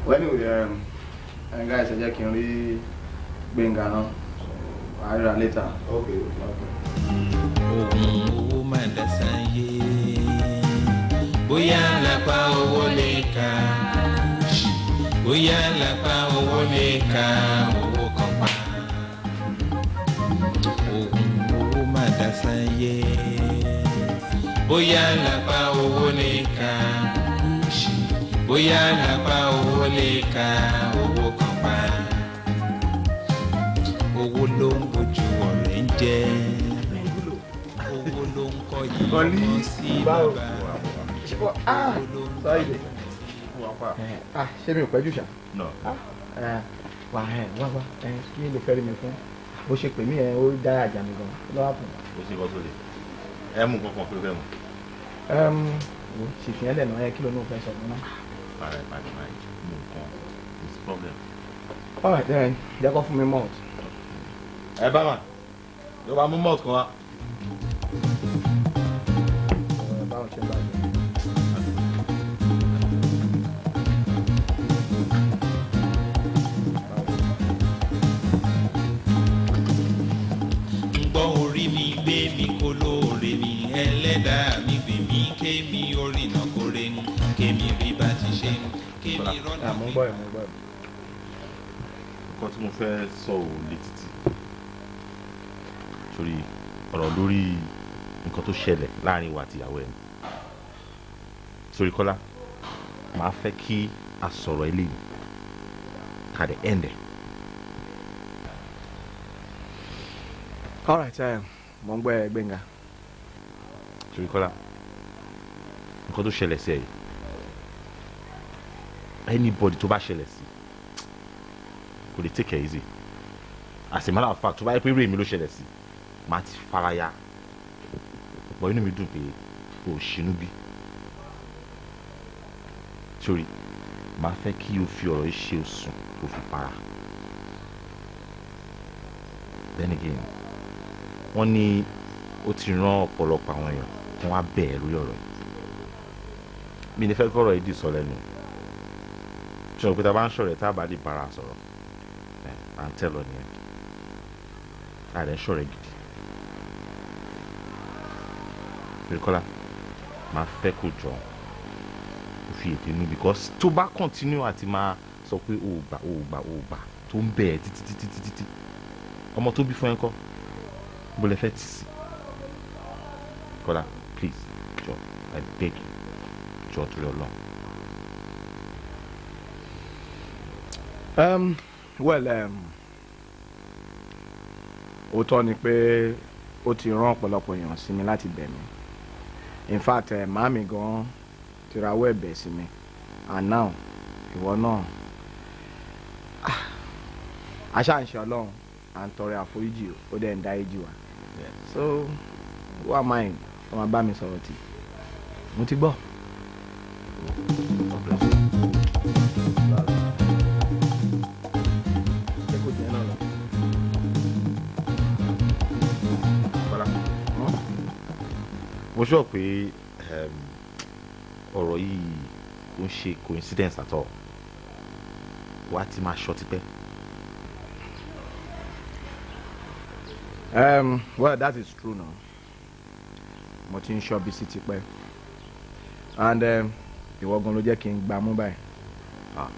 well anyway um, guys ẹ jẹ́ kí n rí gbẹ̀ngà náà I'll read later. okay okay. bóyá lápá owó lè ka bóyá lápá owó lè ka owó kan pa oògùn owó máa dẹ̀sán yé bóyá lápá owó lè ka bóyá lápá owó lè ka owó kan pa owó ló ń bójú ọ̀rẹ́ ń jẹ́ owó ló ń kọ́ yìí lọ sí bàbá owó ah! ló ń kọ́ yìí ah, ṣé mi ò pẹ́jù ṣá. Ah, eh, wà á eh, wá wá eh, kí ló fẹ́ rí mi fún bó ṣe pè mí ẹ ó dá àjà mi gan ló wà fún. ó sì kọ́ tó ẹ mú kankan pé ó fẹ́ mu. ṣèfìyàn lẹ̀ ẹ kí ló ní fẹ́ sọ fún náà para ẹ̀ padà máa jù mú nǹkan kò problem. all right then jẹ́ kó fún mi mouth. Hey, bá wà ló bá mú malt kan wá. báwọn ṣe baby, yẹ. gbọ́ orí mi gbé mi kó mi ẹlẹ́dàá mi mi orí. àmú ah, gbọ́ ìmú gbọ́ ìmú. nǹkan tí mo fẹ́ sọ ò lè títì sórí ọ̀rọ̀ lórí nǹkan tó ṣẹlẹ̀ láàrin wa àti ìyàwó ẹ̀ ni sórí kọ́lá màá fẹ́ kí a sọ̀rọ̀ eléyìí kàdé ẹ̀ndẹ̀. alright um, mo ń gbọ́ ẹ Gbénga. sórí kọ́lá nǹkan tó ṣẹlẹ̀ sí ẹ yìí anybody tó bá ṣẹlẹ̀ sí kò lè take care easy as a matter of fact tó bá yẹ pé eré mi ló ṣẹlẹ̀ sí màá ti faraya bọ̀ inú mi dùn pé o ò ṣinú bí sórí màá fẹ́ kí o fi ọ̀rọ̀ ṣe òsùn kó fi para then again wọ́n ní ó ti rán ọ̀pọ̀lọpọ̀ àwọn èèyàn kí wọ́n á bẹ̀ ẹ́ lórí ọ̀rọ̀ yìí mi ní fẹ́ kọ́ ọ̀rọ̀ yìí dì sọ lẹ́nu. So òkúta bá ń ṣọ̀rẹ́ tá a bá di bára sọ̀rọ̀ à ń tẹ̀ lọ nìyẹn àdé ń ṣọ̀rẹ́ gidi Bíríkọ́lá máa fẹ́ kó jọ ó fi ètò inú because tó bá continue àti máa sọ pé ó gbà ó gbà ó gbà tó ń bẹ̀ ẹ́ títí títí títí ọmọ tó bí fún ẹ kọ́ bó lè fẹ́ tì sí Kọ́lá please jọ I beg you jọ torí Ọlọ́run. Um, well, um, òótọ́ ni pé ó ti rán ọ̀pọ̀lọpọ̀ èèyàn sí mi láti bẹ̀ mí in fact eh, màámi gan ti rawọ́ ẹ̀bẹ̀ sí mi and now ìwọ náà aṣáǹṣe ah, ọlọ́run à ń tọrẹ àforíjì ó dẹ̀ ń dá èjì wa so who am I tó máa bá mi sọ̀rọ̀ tì mo ti gbọ́. God you. mo sọ pé ehm, ọ̀rọ̀ yìí kò ń ṣe coincidence at all wà á ti máa ṣọ tipẹ́. Um, well that is true now mo ti ń ṣọ́ bí sí tipẹ́ and ehm, ìwọ gan ló jẹ́ kí n gbà mú báyìí. Ah.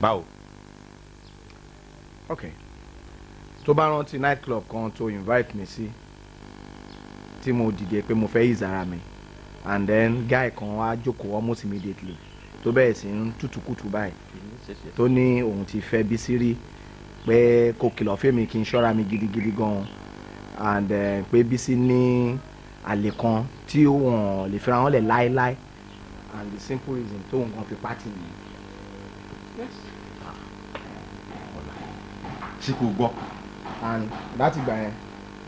báwo. ok tó bá rántí night club kan tó invite me, sí. Si tí mo dìde pé mo fẹ́ ìzara mi and then guy kan wá jókòó almost immediately tó bẹ̀rẹ̀ sí ń tútùkùtù báyìí tó ní òun ti fẹ́ bí sírí pé kò kìlọ̀ fẹ́mi kí n ṣọ́ra mi gidigidi gan and uh, pé Bísí ní àlè kan tí wọ́n lè fi ra wọn lẹ̀ láéláé and the simple reason tó nǹkan fi pátì nìyí. ṣé kò gbọ́. and láti gbà yẹn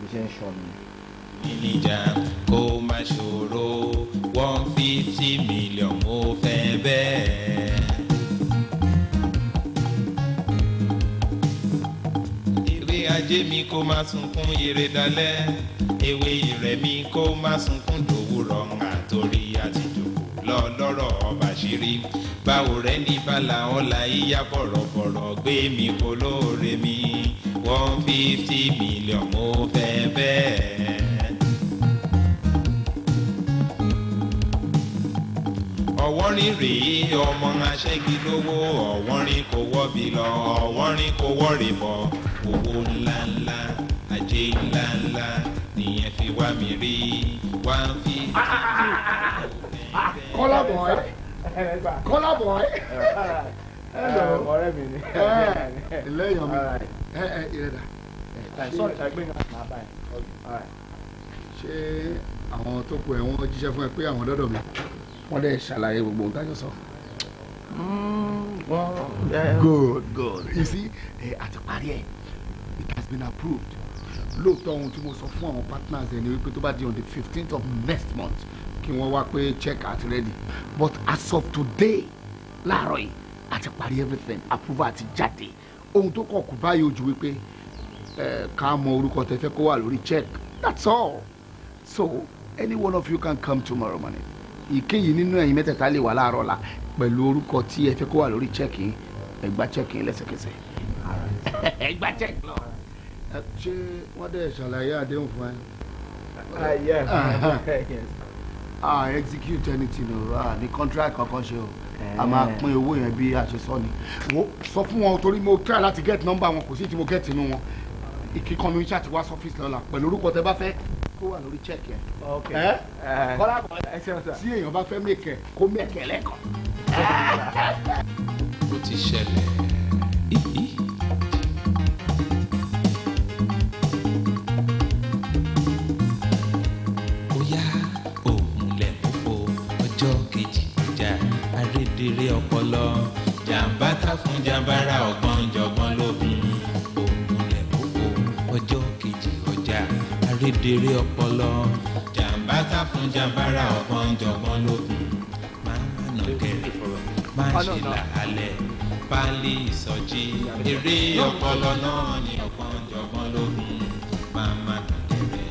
bí ṣe ń sọ nìyẹn ìníjà kó má one fifty million mo fẹ́ bẹ́ẹ̀. èrè ajé mi kó má sunkún ire dalẹ̀ ewé ìrẹ̀ mi kó má sunkún dòwúrọ̀ àtòrí àtijọ́ lọ́lọ́rọ̀ ọba ṣírí báwo rẹ̀ ní bala ọ̀la yíyá bọ̀rọ̀bọ̀rọ̀ gbé mi kó lóore mi one fifty million mo fẹ́ bẹ́ẹ̀. ọ̀wọ́rin rèé ọmọ aṣẹ́gi lówó ọ̀wọ́rin kò wọ́bi lọ ọ̀wọ́rin kò wọ́rì bọ̀ owó ńláńlá ajé ńláńlá nìyẹn fi wá mi rí wá fi. Ah, ah, ah, kọ́lá bọ̀ kọ́lá bọ̀ ẹ́ ọ̀rẹ́ mi ni lẹ́yìn ọmọ ẹ ẹ ìrẹ̀dà ṣé àwọn tó kù ẹ̀ wọ́n jíṣẹ́ fún ẹ pé àwọn dọ́dọ̀ mi wọ́n dẹ̀ ṣàlàyé gbogbo ohun tájọ sọ. Mm, good good you see àti eh, parí ẹ̀ it has been approved lóòótọ́ ohun tí mo sọ fún àwọn partners ẹ̀ ni wípé tó bá di on the fifteenth of next month kí wọ́n wá pé check out ready but as of today láàárọ̀ yìí àti parí everything approval àti jáde ohun tó kọ̀ kú báyìí ojú wípé eh, ká mọ orúkọ tẹ fẹ́ kó wà lórí check that's all so any one of you can come tomorrow morning ìkéyìí nínú ẹ̀yin mẹ́tẹ̀ẹ̀ta lè wà láàárọ̀ la pẹ̀lú orúkọ tí ẹ fẹ́ kó wà lórí chẹ́ẹ̀kì ẹ gba chẹ́ẹ̀kì lẹ́sẹ̀kẹsẹ̀ ẹ gba chẹ́ẹ̀kì lọ. ṣé wọ́n dẹ̀ ṣàlàyé àdéhùn fún ẹ. Ah, ah execute anything o ah ní contract kankan ṣe o a máa eh. pín owó yẹn bí a ni wo sọ fún wọn torí mo try láti get number wọn kò sí tí mo get inú wọn ìkíkan mi ṣáà ti wá sọ́fíìsì lọ́la pẹ̀lú orúkọ tẹ bá fẹ́ kó wà lórí check yẹn. ẹ kọ́lá bọ̀ ẹ ṣe ọ̀sán. tí èèyàn bá fẹ́ mèkẹ́ kó mèkẹ́ lẹ́kọ̀ọ́. ó ti ṣẹlẹ̀ ìhí. jàǹbá ta fún jàǹbá ra ọ̀gbọ́n. kedere ọpọlọ. jàǹbá ta fún jàǹbára ọgbọ́n jọgbọ́n lókun máa ń nà kẹrẹ máa ń ṣe làálẹ̀ pálí ìsọjí eré ọpọlọ náà ni ọgbọ́n jọgbọ́n lókun máa ń nà kẹrẹ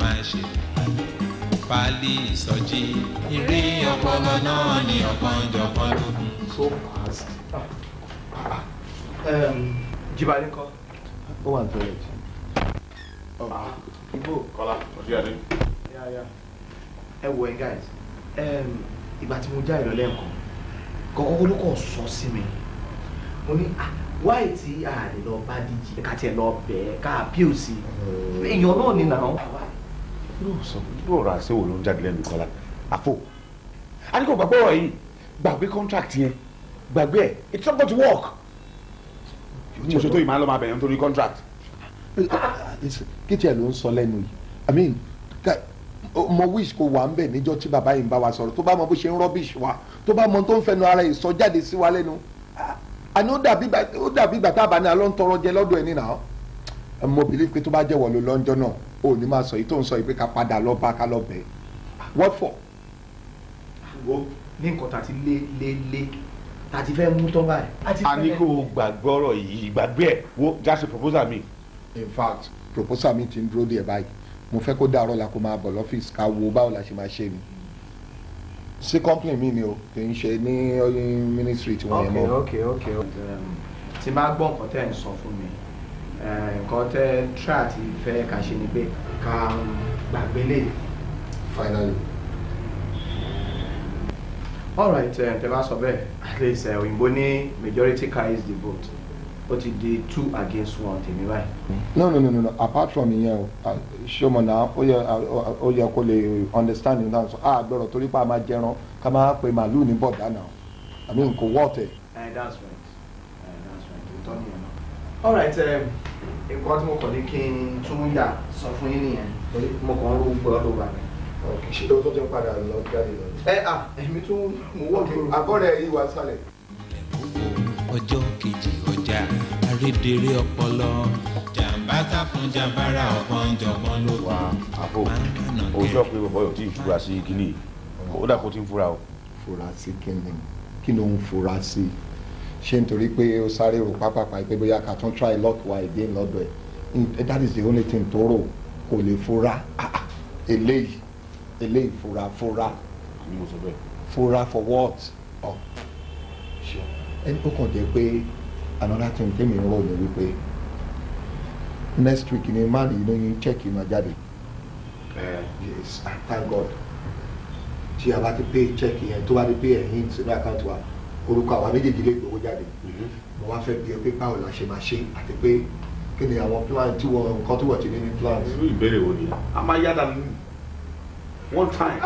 máa ń ṣe làálẹ̀ pálí ìsọjí eré ọpọlọ náà ni ọgbọ́n jọgbọ́n lókun. so fast. Um, Jibale ńkọ́? ó wà ní toilet. Kọ́lá Ọ̀ṣíyàdé. ẹ wo ẹ guys um, ìgbà tí mo já ìrọ̀lẹ́ nǹkan kọ́kọ́ ló kọ̀ sọ sí mi mo ní ah, wáì tí a lè lọ bá díje ká tiẹ̀ lọ bẹ̀ẹ́ ká appeal sí hmm. èèyàn náà ni nà án. irú ọ̀rọ̀ àṣẹ wo ló ń jáde lẹ́nu Kọ́lá àfò a ní kò gbàgbé ọ̀rọ̀ yìí gbàgbé contract yẹn gbàgbé ẹ̀ it's not going to work. mo ṣètò ìmọ̀ àlọ́ máa bẹ̀rẹ̀ nítorí contract kí tiẹ̀ ló ń sọ lẹ́nu yìí i mean mo wish kó wà ń bẹ̀ níjọ́ tí bàbá yìí ń bá wa sọ̀rọ̀ tó bá mọ bó ṣe ń rubbish wa tó bá mọ tó ń fẹnu ara ìsọ jáde sí wa lẹ́nu àní ó dàbí ìgbà tá a bá ní alọ́ ń jẹ lọ́dọ̀ ẹni náà mo believe pé tó bá jẹ́wọ́ ló lọ́njọ́ náà ò ní máa sọ yìí tó ń sọ yìí pé ká padà lọ bá ká lọ bẹ̀ what for. wo ní nǹkan tá a ti lé lé lé tá a ti fẹ́ mú tán báyìí. a ní kó o gbàgbọ́rọ̀ yìí gbàgbé ẹ̀ wo jáse proposal mi in fact proposal mi ti ń dúró díẹ̀ báyìí mo fẹ́ kó dàárọ̀ la kó máa bọ̀ lọ́fíìsì ká wo báwo la ṣe máa ṣe ni sí company mi ni o kì í ṣe ní ministry tí wọ́n yẹn mọ́. ok ok ok um, tí máa gbọ́ nǹkan tẹ́ ń sọ fún mi eh, nǹkan tẹ́ tra àti fẹ́ ká ṣe ni pé ká um, gbàgbé lè. finally. all right eh, tẹ́ bá sọ bẹ́ẹ̀ at least eh, òyìnbó ní majority carries the vote. But it di two against one tèmi báyìí. no no no no no. apart from ìyẹn o ṣọmọ náà ó yẹ ó yẹ kó lè understand in terms of ah gbọ́dọ̀ torí pa máa jẹran ká máa pe màálù ní bọ̀dá náà i mean kò wọ́ọ̀tẹ̀. Eh, that's right eh, that's right ìtọ́ nìyẹn náà. all right eh, nǹkan tí mo kàn ní kí n tún yà sọ fún yín nìyẹn torí mo kàn ń ro gbọ́ ló wà mí. ṣé o tó ti ń padà lọ jáde lọ. ẹ à ah, èmi tún mo wọ́ọ̀kì àbọ̀rẹ̀ yìí wá sálẹ̀ ọjọ́ kejì ọjà arédèrè ọpọlọ jàǹbá tá fún jàǹbára ọgbọ́n jọgbọ́n ló wà. àbò òótọ́ pé bàbá yóò tí ì fura sí kíní ó dà kó tí ń fura o. fura sí kíni kí ló ń fura sí ṣé nítorí pé ó sáré rò pápápá pé bóyá ká tún try luck wa èdè lọ́dọ̀ ẹ̀ that is the only thing tó rò kò lè fura ah, ah, eléyìí eléyìí fura fura fura for what? Oh ẹni kó kàn jẹ́ pé another thing tẹ́mi ń rò ní wípé next week ni máàlì inú yín check in máa jáde. Eh. yes and thank God tí a bá ti pay check yẹn tó bá ti pay ẹ̀yìn sínú àkáǹtì wa orúkọ àwa méjèèjì lè gbowó jáde mm-hmm. mo wá fẹ́ bí ẹ pé báwo la ṣe máa ṣe àti pé kí ni àwọn plan tí wọn nǹkan tí wọn ti ní ní plan. irú ìbéèrè wo ni a máa yára one time.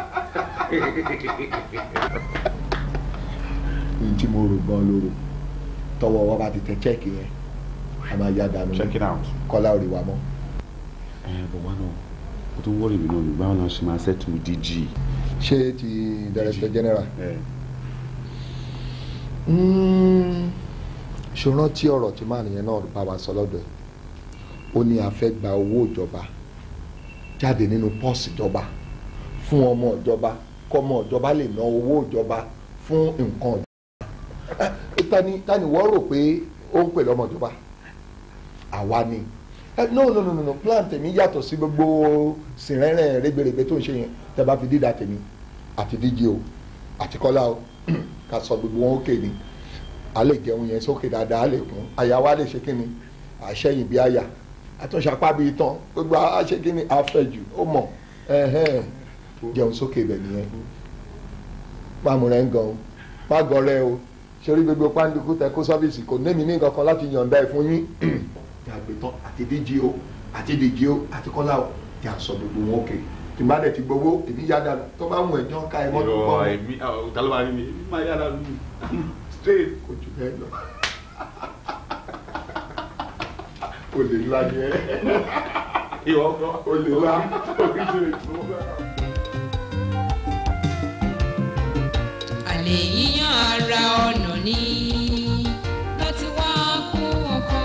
ní tí mo rò gan lóru tọ́wọ́ wọn bá ti tẹ chẹ́ẹ̀kì yẹn a máa yá dànù kọ́lá ò wa mọ́. ẹ bọ̀ wá náà mo tún wọ́ọ̀rì mi náà báwo la ṣe máa ṣètò DG. ṣé ti director general. Hmm, ṣòro tí ọ̀rọ̀ tí màá nìyẹn náà bá wa sọ lọ́dọ̀ ẹ̀ ó ní a fẹ́ gba owó ìjọba jáde nínú pọ́ọ̀sì ìjọba fún ọmọ ìjọba kọ́mọ ìjọba lè ná owó ìjọba fún nǹkan ìjọba. Eh, tani tani wọ́n rò pé ó ń pè lọ́mọ ìjọba àwa ni eh, no no no no plan tèmi yàtọ̀ sí gbogbo sìnrẹ́rẹ́ rẹ́gbẹ̀rẹ́gbẹ̀ tó ń ṣe yẹn tẹ́ bá fi dídà tèmi àti díje o àti kọ́lá o ká sọ gbogbo wọn ókè ni a lè jẹun yẹn sókè dáadáa a lè kún àyà wa lè ṣe kí ni àṣẹyìn bí àyà àtúnṣe apá bíi tán gbogbo àṣẹ kí ni àfẹjù ó mọ̀ jẹun sókè bẹ̀ nìyẹn má múra ń gan o má gọrẹ o sórí gbogbo pàǹdùkú tẹ kó sọ́fíìsì kò némi ní nǹkan láti yọ̀ǹda ẹ̀ fún yín àgbẹ̀tàn àti o àti o àti o ti sọ gbogbo wọn òkè tí bá ti gbowó èmi yá dànù tó bá wù ká ẹ mọ́ tó kọ́ ọ. ìtàlọ́wà ni mi máa yá dànù straight kò jù bẹ́ẹ̀ lọ. olè ńlá ni ẹ. ìwọ kọ́ olè ńlá oríṣiríṣi. àmì yíyàn ara ọ̀nà ni láti wá kún ọkọ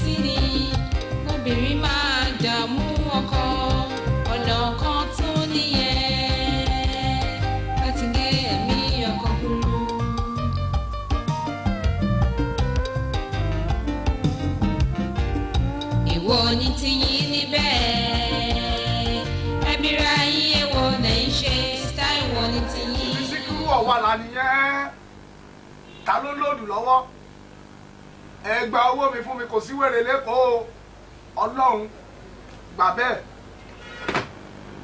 sí ni obìnrin máa. ta ló lòdù lọ́wọ́ ẹ gba owó mi fún mi kò sí wèrè lẹ́kọ̀ọ́ ọlọ́run gbà bẹ́ẹ̀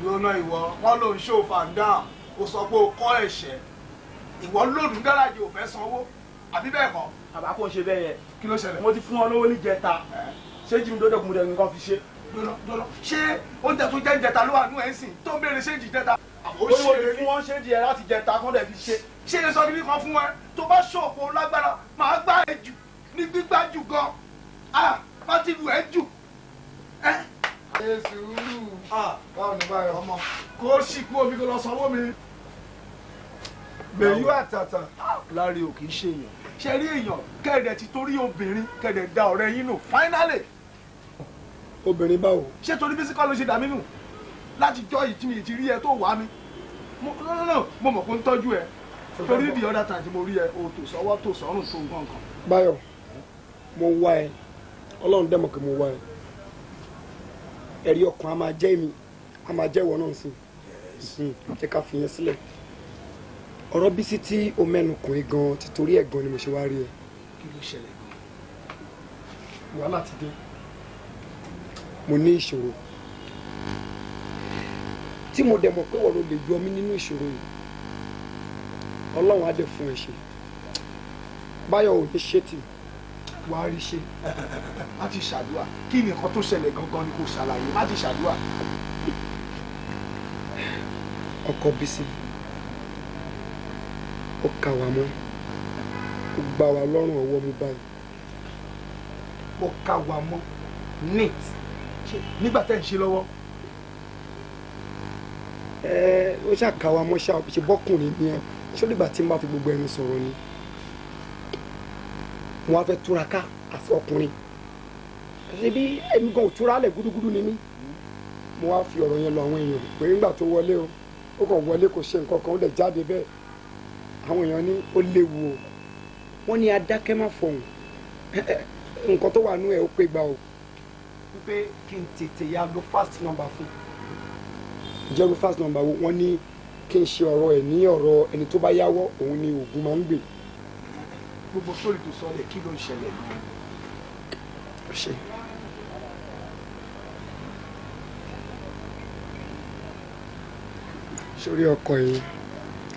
lọ́nà ìwọ wọn ló ń ṣó fàǹdà kò sọ pé o kọ́ ẹ̀ṣẹ̀ ìwọ lòdù gáràjì ò fẹ́ sanwó àbí bẹ́ẹ̀ kọ́. bàbá kò ń ṣe bẹ́ẹ̀ yẹn kí ló ṣẹlẹ̀ mo ti fún ọ lówó níjẹta ṣé jí mi dọ́dọ̀ kùn dẹ̀ nǹkan fi ṣe. dọ́dọ̀ dọ́dọ̀ ṣé oúnjẹ tó jẹ́ ń jẹta ló wà nú ẹ̀ ń sìn tó ń béèrè ṣé jì jẹta oríwó lè fún wọn ṣe díẹ̀ láti jẹ ta kán dẹ̀ ṣe ṣe lè sọ níbi kan fún wọn tó bá ṣòfò lágbára màá gbá ẹ jù ní gbígbá jù gan ah má ti lù ẹ jù ẹ. ṣe sùúrù báwo ni báyọ̀ ọmọ kó sì kú omi kó lọ sanwó mi. gbèyú àtàtà láre ò ṣe èèyàn ṣe rí èèyàn kẹ̀dẹ̀ ti torí obìnrin kẹ̀dẹ̀ da ọ̀rẹ́ yín nù finally. obìnrin báwo. ṣé torí bísí kọ́ ló ṣe dàmínú láti jọ ìtìmí ti rí ẹ tó wá mi mo mọ̀ kó ń tọ́jú ẹ torí the other time tí mo rí ẹ o tò sọ́wọ́ tò sọ́rùn tó nǹkan kan. báyọ̀ mo wá ẹ ọlọ́run dẹ̀ mọ̀ mo wá ẹ ẹ̀rí ọkàn a máa jẹ́ mi a máa jẹ́ ìwọ náà sí i jẹ́ ká fi yẹn sílẹ̀ ọ̀rọ̀ Bísí tí o mẹ́nu kàn é gan ti torí ẹ̀ gan ni mo ṣe wá rí ẹ. kí ló ṣẹlẹ̀ gan. wàhálà ti dé. mo ní ìṣòro tí mo dẹ̀ mọ̀ pé wọ́n lè yọ mí nínú ìṣòro yìí ọlọ́run á dẹ̀ fún ẹ ṣe báyọ̀ ò ní ṣe tì wàá ṣe má ti ṣàdúrà kí ni nǹkan tó ṣẹlẹ̀ gangan ni kò ṣàlàyé má ti ṣàdúrà. ọkọ Bísí ó kà wá mọ́ ó gbá wa lọ́rùn ọwọ́ mi báyìí. ó kà wá mọ́ nígbà tẹ́ ń ṣe lọ́wọ́ ó ṣàkàwà mọ́ṣá ṣe bọ́kùnrin ni ẹ ṣó dìgbà tí n bá fi gbogbo ẹnu sọ̀rọ̀ ni mo wá fẹ́ túraká àfi ọkùnrin ṣebí ẹni gan òtúra lẹ̀ gúdúgúdú ni mí mo wá fi ọ̀rọ̀ yẹn lọ àwọn èèyàn pé nígbà tó wọlé o ó kàn wọlé kò ṣe nǹkan kan ó dẹ̀ jáde bẹ́ẹ̀ àwọn èèyàn ní ó léwu o wọ́n ní adákẹ́ má fọ̀hún nǹkan tó wà nú ẹ̀ ó pé gbà o. wípé kí n tètè ya lo fast number fún un jẹ́ reference number wo wọ́n ní kí n ṣe ọ̀rọ̀ ẹ̀ ní ọ̀rọ̀ ẹni tó bá yáwọ́ òun ni oògùn máa ń gbè. gbogbo sórí tó sọlẹ̀ kí ló ń ṣẹlẹ̀ ṣe. sórí ọkọ̀ yìí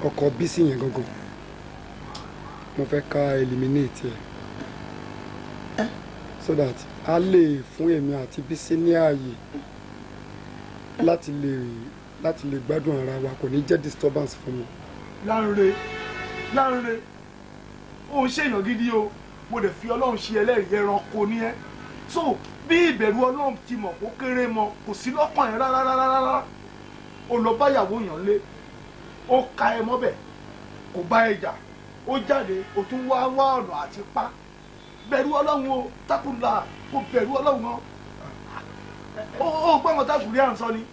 ọkọ̀ bísí yẹn gangan mo fẹ́ ká eliminate ẹ̀ so that a lè fún èmi àti bísí ní ààyè láti lè láti lè gbádùn ara wa kò ní jẹ́ disturbance fún mi. Lánre Lánre ó ń ṣèyàn gidi o mo dẹ̀ fi ọlọ́run ṣe ẹlẹ́rìí ẹranko ní ẹ́ so bí ìbẹ̀rù ọlọ́run ti mọ̀ kó kéré mọ kò sí lọ́kàn ẹ̀ rárá rárá rárá o lọ báyàwó yàn lé ó ka ẹ mọ́bẹ̀ kò bá ẹ jà ó jáde ó tún wá wá ọ̀nà àti pa bẹ̀rù ọlọ́run o tákùlà kò bẹ̀rù ọlọ́run o ó gbọ́n wọn tákùlẹ̀ à ń sọ ni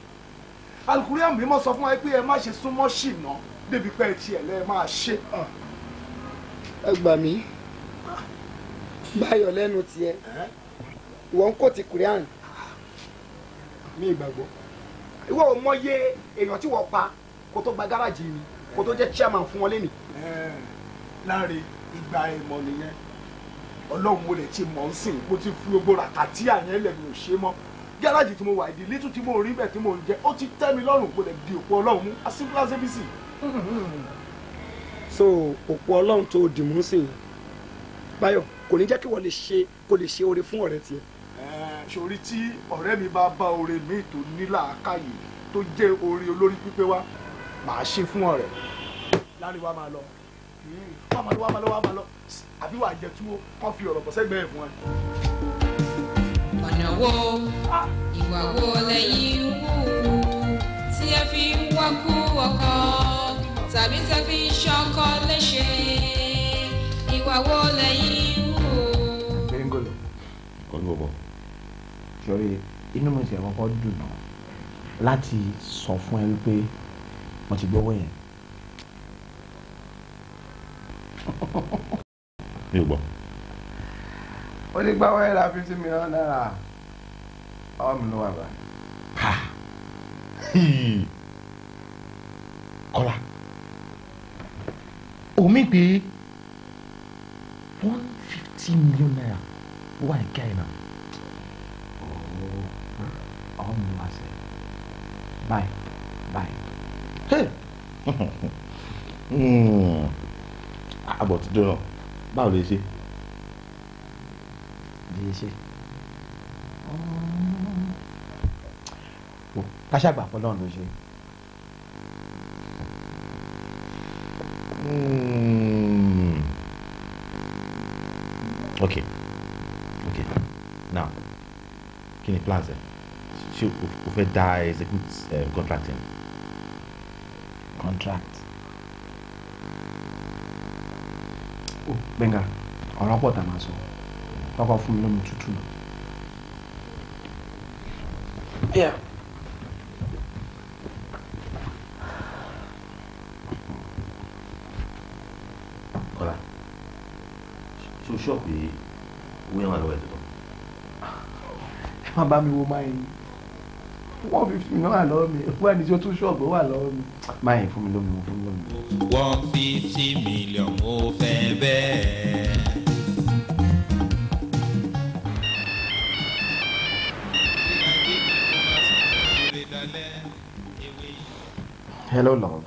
alukurian mímọ́ sọ fún wa pé ẹ má ṣe súnmọ́ ṣìnà débi pé tiẹ̀ lẹ máa ṣe. ẹ gbà mí báyọ̀ lẹ́nu tiẹ̀ wọ́n kò ti kùrìàn mi ìgbàgbọ́. ìwọ ò mọye èèyàn tí wọ́n pa kó tó gba gáràjì mi kó tó jẹ́ chairman fún wọn lẹ́nu. láre ìgbà ẹ̀mọ́ nìyẹn ọlọ́run mo lè ti mọ̀ ń sìn kó ti fi gbogbo ràkàtì àyẹ̀lẹ̀ mi ò ṣe mọ́ gáràjì tí mo wà ìdílé tún tí mo rí bẹ́ẹ̀ tí mo ń jẹ ó ti tẹ́ mi lọ́rùn mo lè di òpó ọlọ́run mú as simple so òpó ọlọ́run tó dì mú sí i báyọ̀ kò ní jẹ́ kí wọ́n lè ṣe kó lè ṣe oore fún ọ̀rẹ́ tiẹ̀. sori tí ọ̀rẹ́ mi bá bá oore mi tó ní làákàyè tó jẹ́ oore olórí pípé wá màá ṣe fún ọ̀rẹ́ láàrin wa máa lọ hmm, wá máa lọ wá máa máa lọ àbí wàá jẹ túwó kán ọ̀rọ̀ bọ̀ sẹ́gbẹ̀ẹ́ fún ẹ ọ̀nà wo ìwà wo lẹ́yìn ń wù tí ẹ fi ń wákú ọkọ tàbí tẹ fi ń ṣọkọ léṣe ìwà wo lẹ́yìn ń wù. gbẹ̀ngọ̀lọ̀ olùbọ̀bọ̀ sọrí inú mi ti ẹ̀ kọ́kọ́ dùn láti sọ fún ẹ wípé mo ti gbowó yẹn. mi ó ní gbáwọ́ ẹ̀rà fifty million naira ọwọ́ mi ló wà bá. kọ́lá omi pé one fifty million naira wà ní China. ọwọ́ mi ló wà sẹ́yìn báyìí báyìí àbọ̀ tó dúró náà báwo lè ṣe iléeṣẹ́ oh. káṣàgbà fọlọ́run ló ṣe. Hmm. okay okay now kí ni plans ẹ ṣé o fẹ́ da execute uh, contract ẹ. contract. Oh, ọ̀rọ̀ pọ̀ tá máa sọ. So pápá fún mi lómi tútù náà. Yeah. Ọ̀la, ṣo ṣọ́ọ̀pù yìí owó yẹn wà lọ́wọ́ ẹ̀ tuntun. Ẹ má bá mi wo máa yín. One fifty náà wà lọ́wọ́ mi, wọ́n ẹni tí ó tún ṣọ́ọ̀bù wà lọ́wọ́ mi. Máa yín fún mi lómi, fún mi lómi. One fifty million ó fẹ́ bẹ́ẹ̀. Hello, love.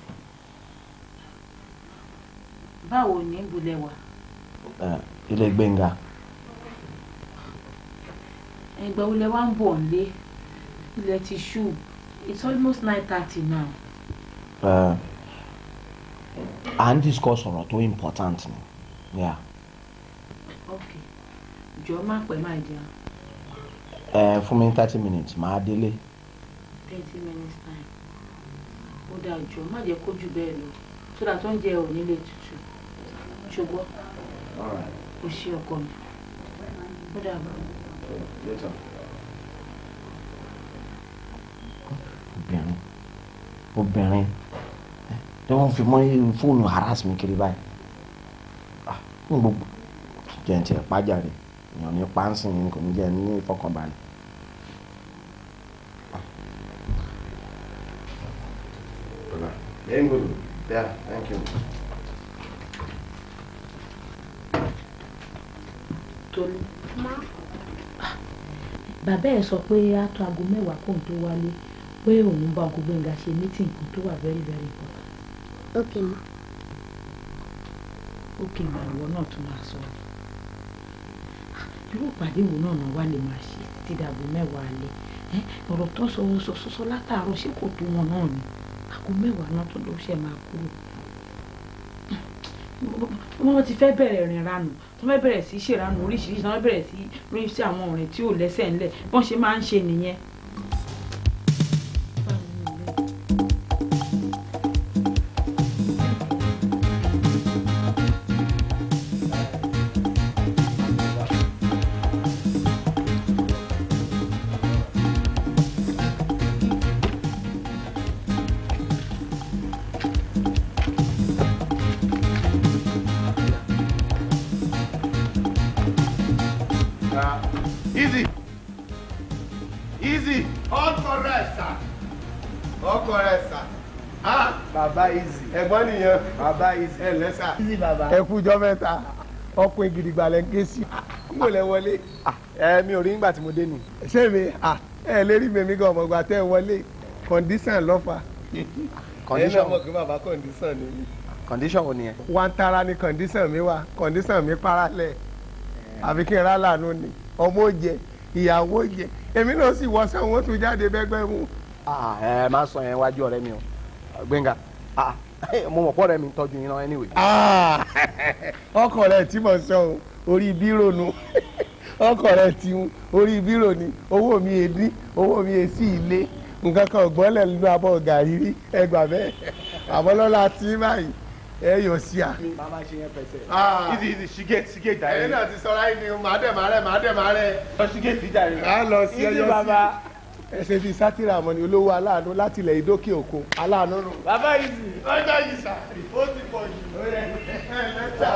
Báwo ni ìbúlẹ̀ wà? Ilé Gbẹ́ngà. Ẹgbẹ́ olè wa ń bọ̀ nílé. Ilẹ̀ ti ṣú. It's almost nine thirty now. À ń discuss ọ̀rọ̀ tó important ni. Yeah. Okay. Jọ máa pẹ́ máa jẹun. Ẹ fún mi thirty minutes, màá délé. Thirty minutes time ó dáa jù má jẹ́ kójú bẹ́ẹ̀ lọ sódà tó ń jẹ òní lè tutù ṣùgbọ́n kò ṣe ọkọ mi ó dáa bá. obìnrin obìnrin tí wọ́n fi mọ́ fóònù harass mi kiri báyìí ah, n gbogbo jẹ̀ǹtì ẹ̀ pàjáre èèyàn ní pánsìn kò ní jẹ́ ní ìfọkànbalẹ̀. Very good. Yeah, thank you. Tolú. Bàbá ẹ̀ sọ pé á tó aago mẹ́wàá kóun tó wálé pé òun bá ọkọ̀ Gbẹ́ngà ṣe mítìn kan tó wà very very important. Ok ma. Ok ma ìwọ náà tún máa sọ. Irú ìpàdé wo náà náà wá lè máa ṣe títí dàgbò mẹ́wàá alẹ́. Ọ̀rọ̀ tó sọ sọ sọ látàárọ̀ ṣé kò tó wọn náà ni aago mẹ́wàá náà tó ló ṣe máa kúrò wọ́n ti fẹ́ bẹ̀rẹ̀ rìn ranù tó fẹ́ bẹ̀rẹ̀ sí ṣèrànù oríṣiríṣi tó fẹ́ bẹ̀rẹ̀ sí rí sí àwọn ọ̀rìn tí ò lẹ́sẹ̀ ńlẹ̀ bọ́n ṣe máa ń ṣe nìyẹn bàbá iṣẹ́ lẹ́sà ẹ̀kú jọ mẹ́ta ọkọ̀ ìgìrìgbà lẹ́ ń ké sí. n kò lẹ wọlé ẹ mi ò rí nígbà tí mo dé nù. ṣé mi ẹ lè rí mèmí gan ọmọgbà tẹ ẹ wọlé kọndíṣàn lọ́fà. kọndíṣàn ẹ lọ́mọ bàbá kọndíṣàn ni mi. kọndíṣàn wo nìyẹn. wa ń tara ni kọndíṣàn mi wà kọndíṣàn mi paralẹ̀ àfi kí n rà lànà ni ọmọ jẹ ìyàwó jẹ èmi náà sì wọ sẹ́wọ̀n tó jáde bẹ́gbẹ́ mu. ẹ má sọ yẹn wájú ọ̀rẹ́ mi o gbẹ̀ngà mo mọ̀ pọ̀ rẹ̀ mi ń tọ́jú yín náà anyway. Ah, ọkọ rẹ tí mo sọ orí bírò nu ọkọ rẹ ti orí bírò ni owó mi èdí owó mi èsì ilé nǹkan kan gbọ́lẹ̀ nínú abọ́ gàrí rí ẹgbà bẹ́ẹ̀ àmọ́ lọ́la tí báyìí ẹ yọ sí a. màmá ṣe yẹn pẹ̀sẹ̀. Ah. ìdí ìdí ṣìgẹ́ ṣìgẹ́ dàrí. ẹ̀yin náà ti sọ láì ní màá dẹ̀ màá rẹ̀ màá dẹ̀ màá rẹ̀. lọ ṣìgẹ́ ti dàrí. a lọ sí ẹyọ sí. ìdí bàbá ẹsẹ̀ bíi sátìrà mọ́ ni olówó aláàánú láti ilẹ̀ ìdókè òkun aláàánú nù. bàbá yìí sì lọ́jọ́ yìí sà ó ti pọ̀ jù. lẹ́tà lẹ́tà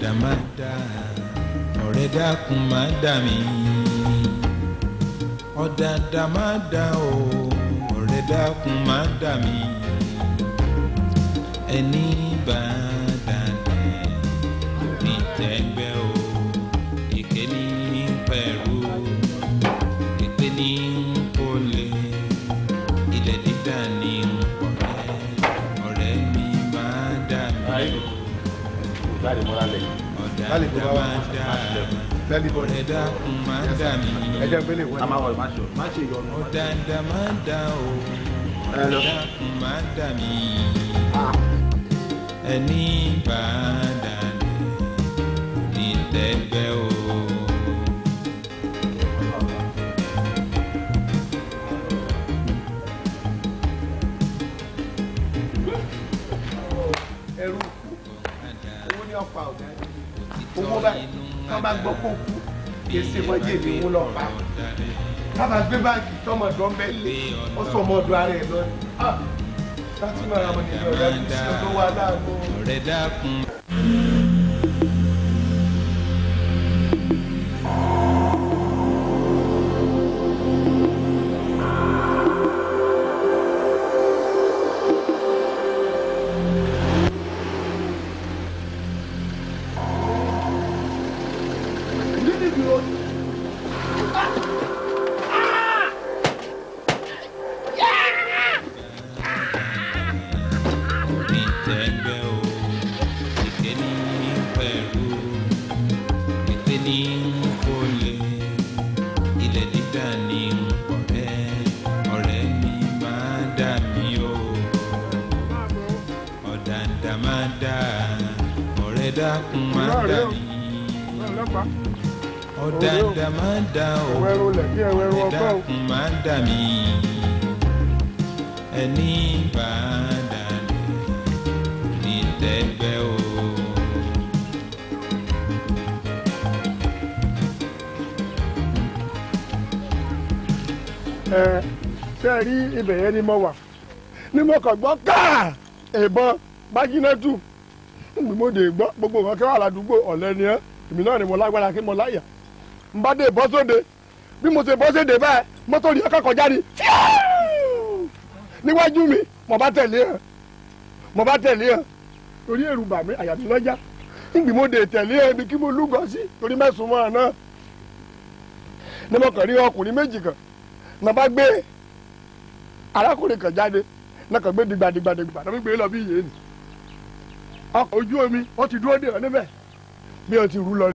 dàdà má dà ọ̀rẹ́ dákun má dà mí ọ̀dàdà má dà o ọ̀rẹ́ dákun má dà mí ẹni bá ní pọ́lẹ̀ ilẹ̀ dídà ní ọ̀rẹ́ ọ̀rẹ́ mi máa dà mí ọ̀dà dá máa dà ọ̀rẹ́ dákun máa dà mí ọ̀dà dá máa dà o ọ̀rẹ́ dákun máa dà mí ẹni bá dà ní tẹ́gbẹ́ o. million pound owó báyìí wọ́n bá gbọ́ kó kú èsì mọ́jèlé owó lọ pa tábà gbé báàgì tọmọdún bẹ́ẹ̀ ó sọ ọmọdún ara ẹ̀ lọ ni láti ah! máa ra ọmọdé lọ rẹ kí ṣe tó wà láàánú. kàn gbọ́ káà ìbọn májínẹ́tù ìgbìmọ̀dé gbọ́ gbogbo nǹkan kí wà ládùúgbò ọ̀lẹ́ ni ẹ́ èmi náà ni mo lágbára kí mo láyà n bá dé bọ́ sóde bí mo ṣe bọ́ sóde báyìí mọ́tò rí ọkọ̀ kọjá ni níwájú mi mo bá tẹ̀lé ẹ̀ mo bá tẹ̀lé ẹ̀ torí ẹ̀rù bà mí àyà mi lọ́jà ìgbìmọ̀dé tẹ̀lé ẹ̀ ibi kí mo lúgọ sí torí mẹ́sùn mọ́ àná ni mo kàn rí ọkùnrin méjì kan nàbá gbé arákùnrin kan jáde nàkàn gbé dìgbàdìgbàdìgbà lọ́mí gbé lọ bí yéé ni ọkọ̀ ojú omi ó ti dúró dè ọ́ níbẹ̀ bí ó ti rú lọ